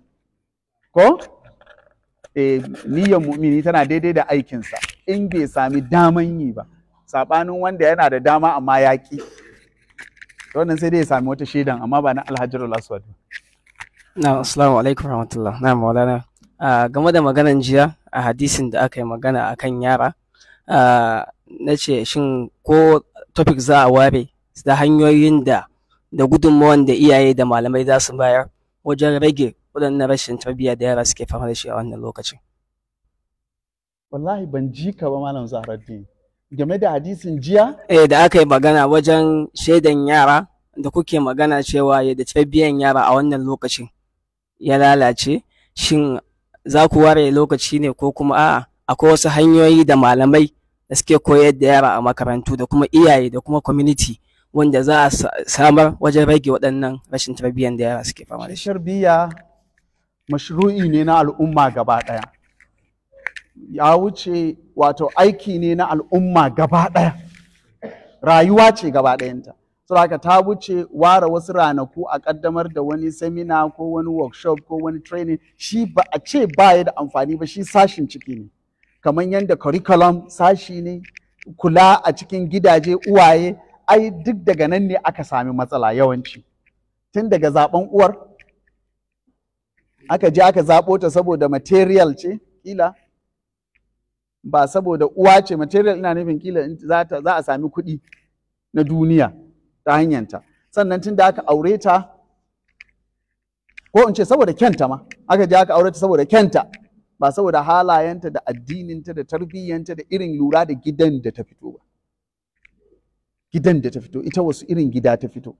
ko Eh, niyyar mu'mini tana daidai da aikinsa in bai sami daman yi ba saɓanin wanda yana da dama amma ya ƙi wannan sai dai ya sami wata shaidan amma ba na alhajar aswad na asalamu alaikum rahmatullah na maulana game da maganan jiya a hadisin da aka yi magana a kan yara na ce shin ko topic za a ware da hanyoyin da da gudunmawan da iyaye da malamai za su bayar wajen rage waɗannan rashin tarbiyya da yara suke fama da shi a wannan lokacin wallahi ban ji ka ba malam zaharaddin game da hadisin jiya eh da aka yi magana wajen shaidan yara da kuke magana cewa yadda tarbiyyan yara a wannan lokacin ya lalace shin za ku ware lokaci ne ko kuma a'a akwai wasu hanyoyi da malamai da suke koyar da yara a makarantu da kuma iyaye da kuma community wanda za a samar wajen rage waɗannan rashin tarbiyyan da yara suke fama da shi. Tarbiyya mashru'i ne na al'umma gaba ɗaya ya wuce wato aiki ne na al'umma gaba ɗaya rayuwa ce gaba ɗayanta saboda ta wuce ware wasu ranaku a ƙaddamar da wani semina ko wani workshop ko wani training shi ba a ce baya da amfani ba shi sashin ciki ne kamar yadda curriculum sashi ne kula a cikin gidaje uwaye ai duk daga nan ne aka sami matsala yawanci tun daga zaben uwar aka je aka zaɓo ta saboda material ce kila ba saboda uwa ce material ina nufin kila za a sami kuɗi na duniya ta hanyanta sannan tun da aka aure ta ko in ce saboda kyanta ma aka je aka aure ta saboda kyanta ba saboda halayenta da addininta da tarbiyyanta da irin lura da gidan da ta fito ba gidan da ta fito ita wasu irin gida ta fito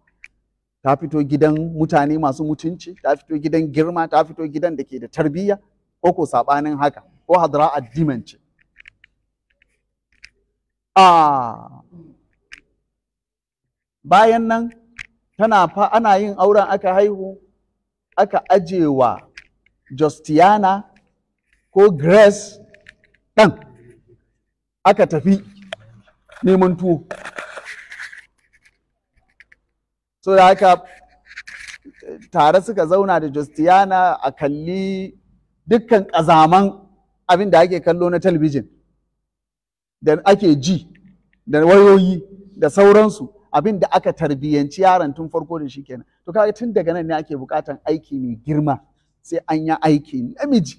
ta fito gidan mutane masu mutunci ta fito gidan girma ta fito gidan da ke da tarbiyya ko ko sabanin haka ko hadra addiman ce a bayan nan tana fa ana yin auren aka haihu aka ajewa Justiana ko Grace ɗan aka tafi neman tuwo so da haka tare suka zauna da Justiana a kalli dukkan ƙazaman abin da ake kallo na talabijin da ake ji da wayoyi da sauransu abin da aka tarbiyyanci yaron tun farko da shi kenan to kaga tun daga nan ne ake bukatan aiki mai girma sai an yi aiki namiji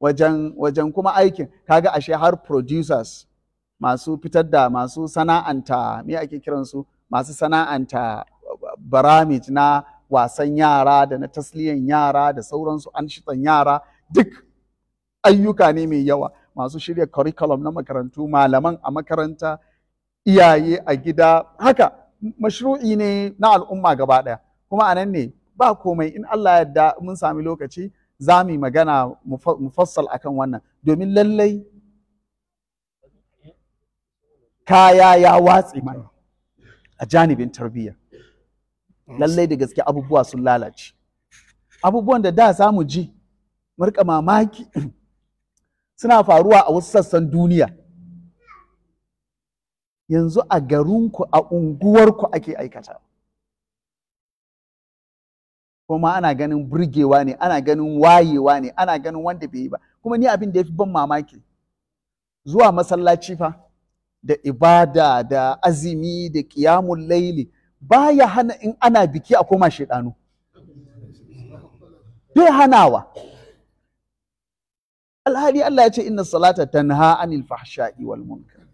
wajen wajen kuma aikin kaga ashe har producers masu fitar da masu sana'anta me ake kiransu masu sana'anta baramij na wasan yara da na tasliyan yara da sauransu an shitan yara duk ayyuka ne mai yawa masu shirya curriculum na makarantu malaman a makaranta iyaye a gida haka mashru'i ne na al'umma gaba ɗaya kuma a nan ne ba komai in Allah ya yarda mun sami lokaci za mu magana mufassal akan wannan domin lallai kaya ya watsi mana a janibin tarbiyya lallai da gaske abubuwa sun lalace abubuwan da da za mu ji murka mamaki suna faruwa a wasu sassan duniya yanzu a garinku a unguwarku ake aikata kuma ana ganin burgewa ne ana ganin wayewa ne ana ganin wanda bai yi ba kuma ni abin da ya fi ban mamaki zuwa masallaci fa da ibada da azumi da ƙiyamun laili Ba ya hana in ana biki a koma shaidanu bai hanawa alhali Allah ya ce inna salata tanha anil fahsha'i wal munkar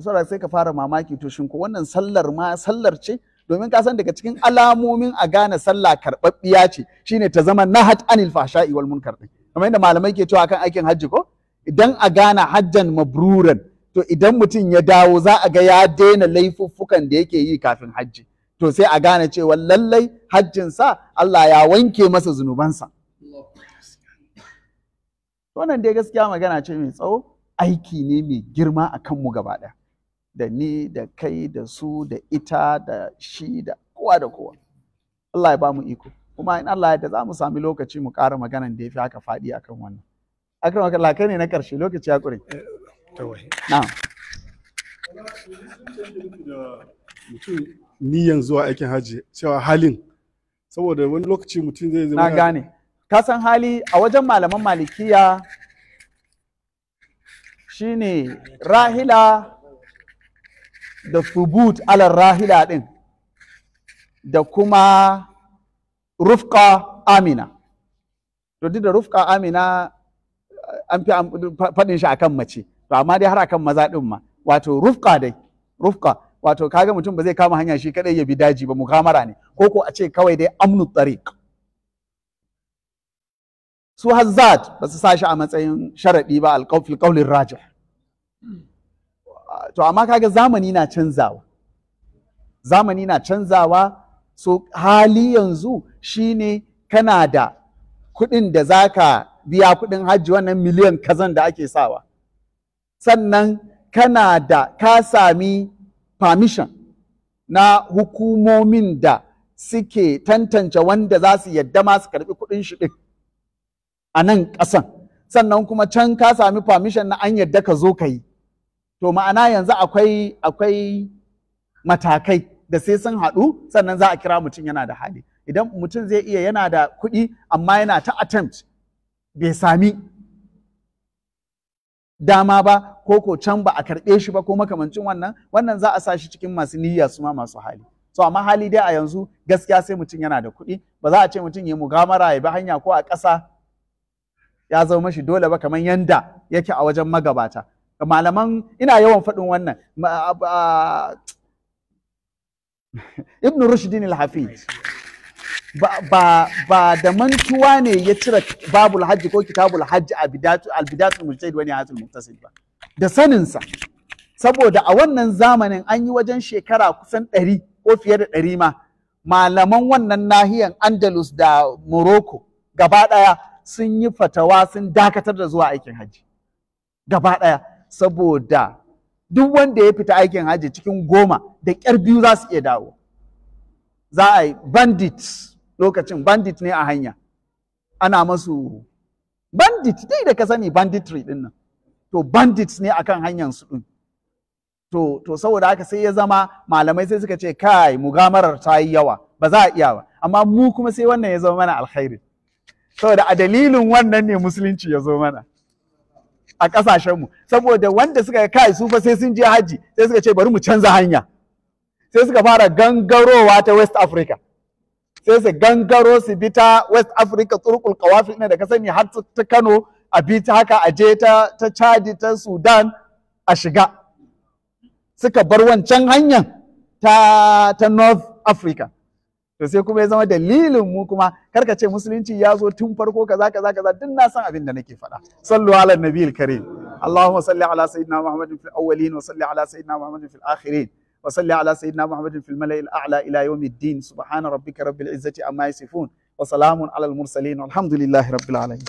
saboda sai ka fara mamaki to shin wannan sallar ma sallar ce domin ka san daga cikin alamomin a gane sallah karɓaɓɓiya ce shine ta zama nahat anil fahsha'i wal munkar din kamar yadda malamai ke cewa kan aikin hajji ko idan a gana hajjan mabruran to idan mutum ya dawo za a ga ya daina laifuffukan da yake yi kafin hajji to sai a gane cewa lallai hajjinsa Allah ya wanke masa zunubansa wannan dai gaskiya magana ce mai tsawo aiki ne mai girma a kanmu gaba da ni da kai da su da ita da shi da kowa da kowa Allah ya ba mu iko kuma in Allah ya da za mu sami lokaci mu ƙara maganan da ya fi haka faɗi akan wannan akram aka lakai ne na karshe lokaci ya kure na mutum niyan zuwa aikin haji cewa halin saboda wani lokaci mutum zai zama na gane ka san hali a wajen malaman malikiya shine rahila da thubut alar rahila din da kuma rufka amina to duk da rufka amina an fi faɗin shi akan mace to amma dai har akan maza din ma wato rufka dai rufka wato kaga mutum ba zai kama hanya shi kadai ya bi daji ba mukamara ne ko ko a ce kawai dai amnu tariq su hazzat ba su sashi a matsayin sharadi ba alqawfil qawlir rajih to amma kaga zamani na canzawa zamani na canzawa so hali yanzu shine kana da kuɗin da zaka biya kuɗin hajji wannan miliyan kazan da ake sawa sannan kana da ka sami permission na hukumomin da suke tantance wanda za su yadda ma karɓi kuɗin shi ɗin a nan ƙasan sannan kuma can ka sami permission na an yadda ka zo ka yi to ma'ana yanzu akwai akwai matakai da sai sun haɗu sannan za a kira mutum yana da hali idan mutum zai iya yana da kuɗi amma yana ta attempt bai sami dama ba ko ko can ba a karɓe shi ba ko makamancin wannan wannan za a sa shi cikin masu niyya su ma masu hali so amma hali dai a yanzu gaskiya sai mutum yana da kuɗi ba za a ce mutum ya mugamara ya bi hanya ko a ƙasa ya zama mashi dole ba kamar yanda yake a wajen magabata malaman ina yawan faɗin wannan ibn rushdin al-hafiz ba da mantuwa ne ya cire babul hajji ko kitabul hajji a bidatul mujtahid wani hasil muktasid ba da saninsa saboda a wannan zamanin an yi wajen shekara kusan ɗari ko fiye da ɗari ma malaman wannan nahiyar andalus da morocco gaba ɗaya sun yi fatawa sun dakatar da zuwa aikin hajji gaba ɗaya saboda duk wanda ya fita aikin hajji cikin goma da ƙyar biyu za su iya dawo za a yi bandits lokacin bandit ne a hanya ana masu bandit dai da ka sani banditry din nan to bandit ne akan hanyar su din to saboda haka sai ya zama malamai sai suka ce kai mugamarar ta yi yawa ba za a iya ba amma mu kuma sai wannan ya zama mana alkhairi saboda a dalilin wannan ne musulunci ya zo mana a mu saboda wanda suka kai su fa sai sun je hajji, sai suka ce bari mu canza hanya sai suka fara gangarowa ta West Africa sai su gangaro su bi ta west africa turkul kawafi ne da ka sani har ta kano a bi ta haka a je ta ta chadi ta sudan a shiga suka bar wancan hanyar ta ta north africa to sai kuma ya zama dalilin mu kuma karka ce musulunci ya zo tun farko kaza kaza kaza duk na san abin da nake faɗa sallu ala nabiyil karim salli ala sayyidina muhammadin fil awwalin wa salli ala sayyidina muhammadin fil akhirin وصل على سيدنا محمد في الملأ الأعلى إلى يوم الدين سبحان ربك رب العزة عما يصفون وسلام على المرسلين والحمد لله رب العالمين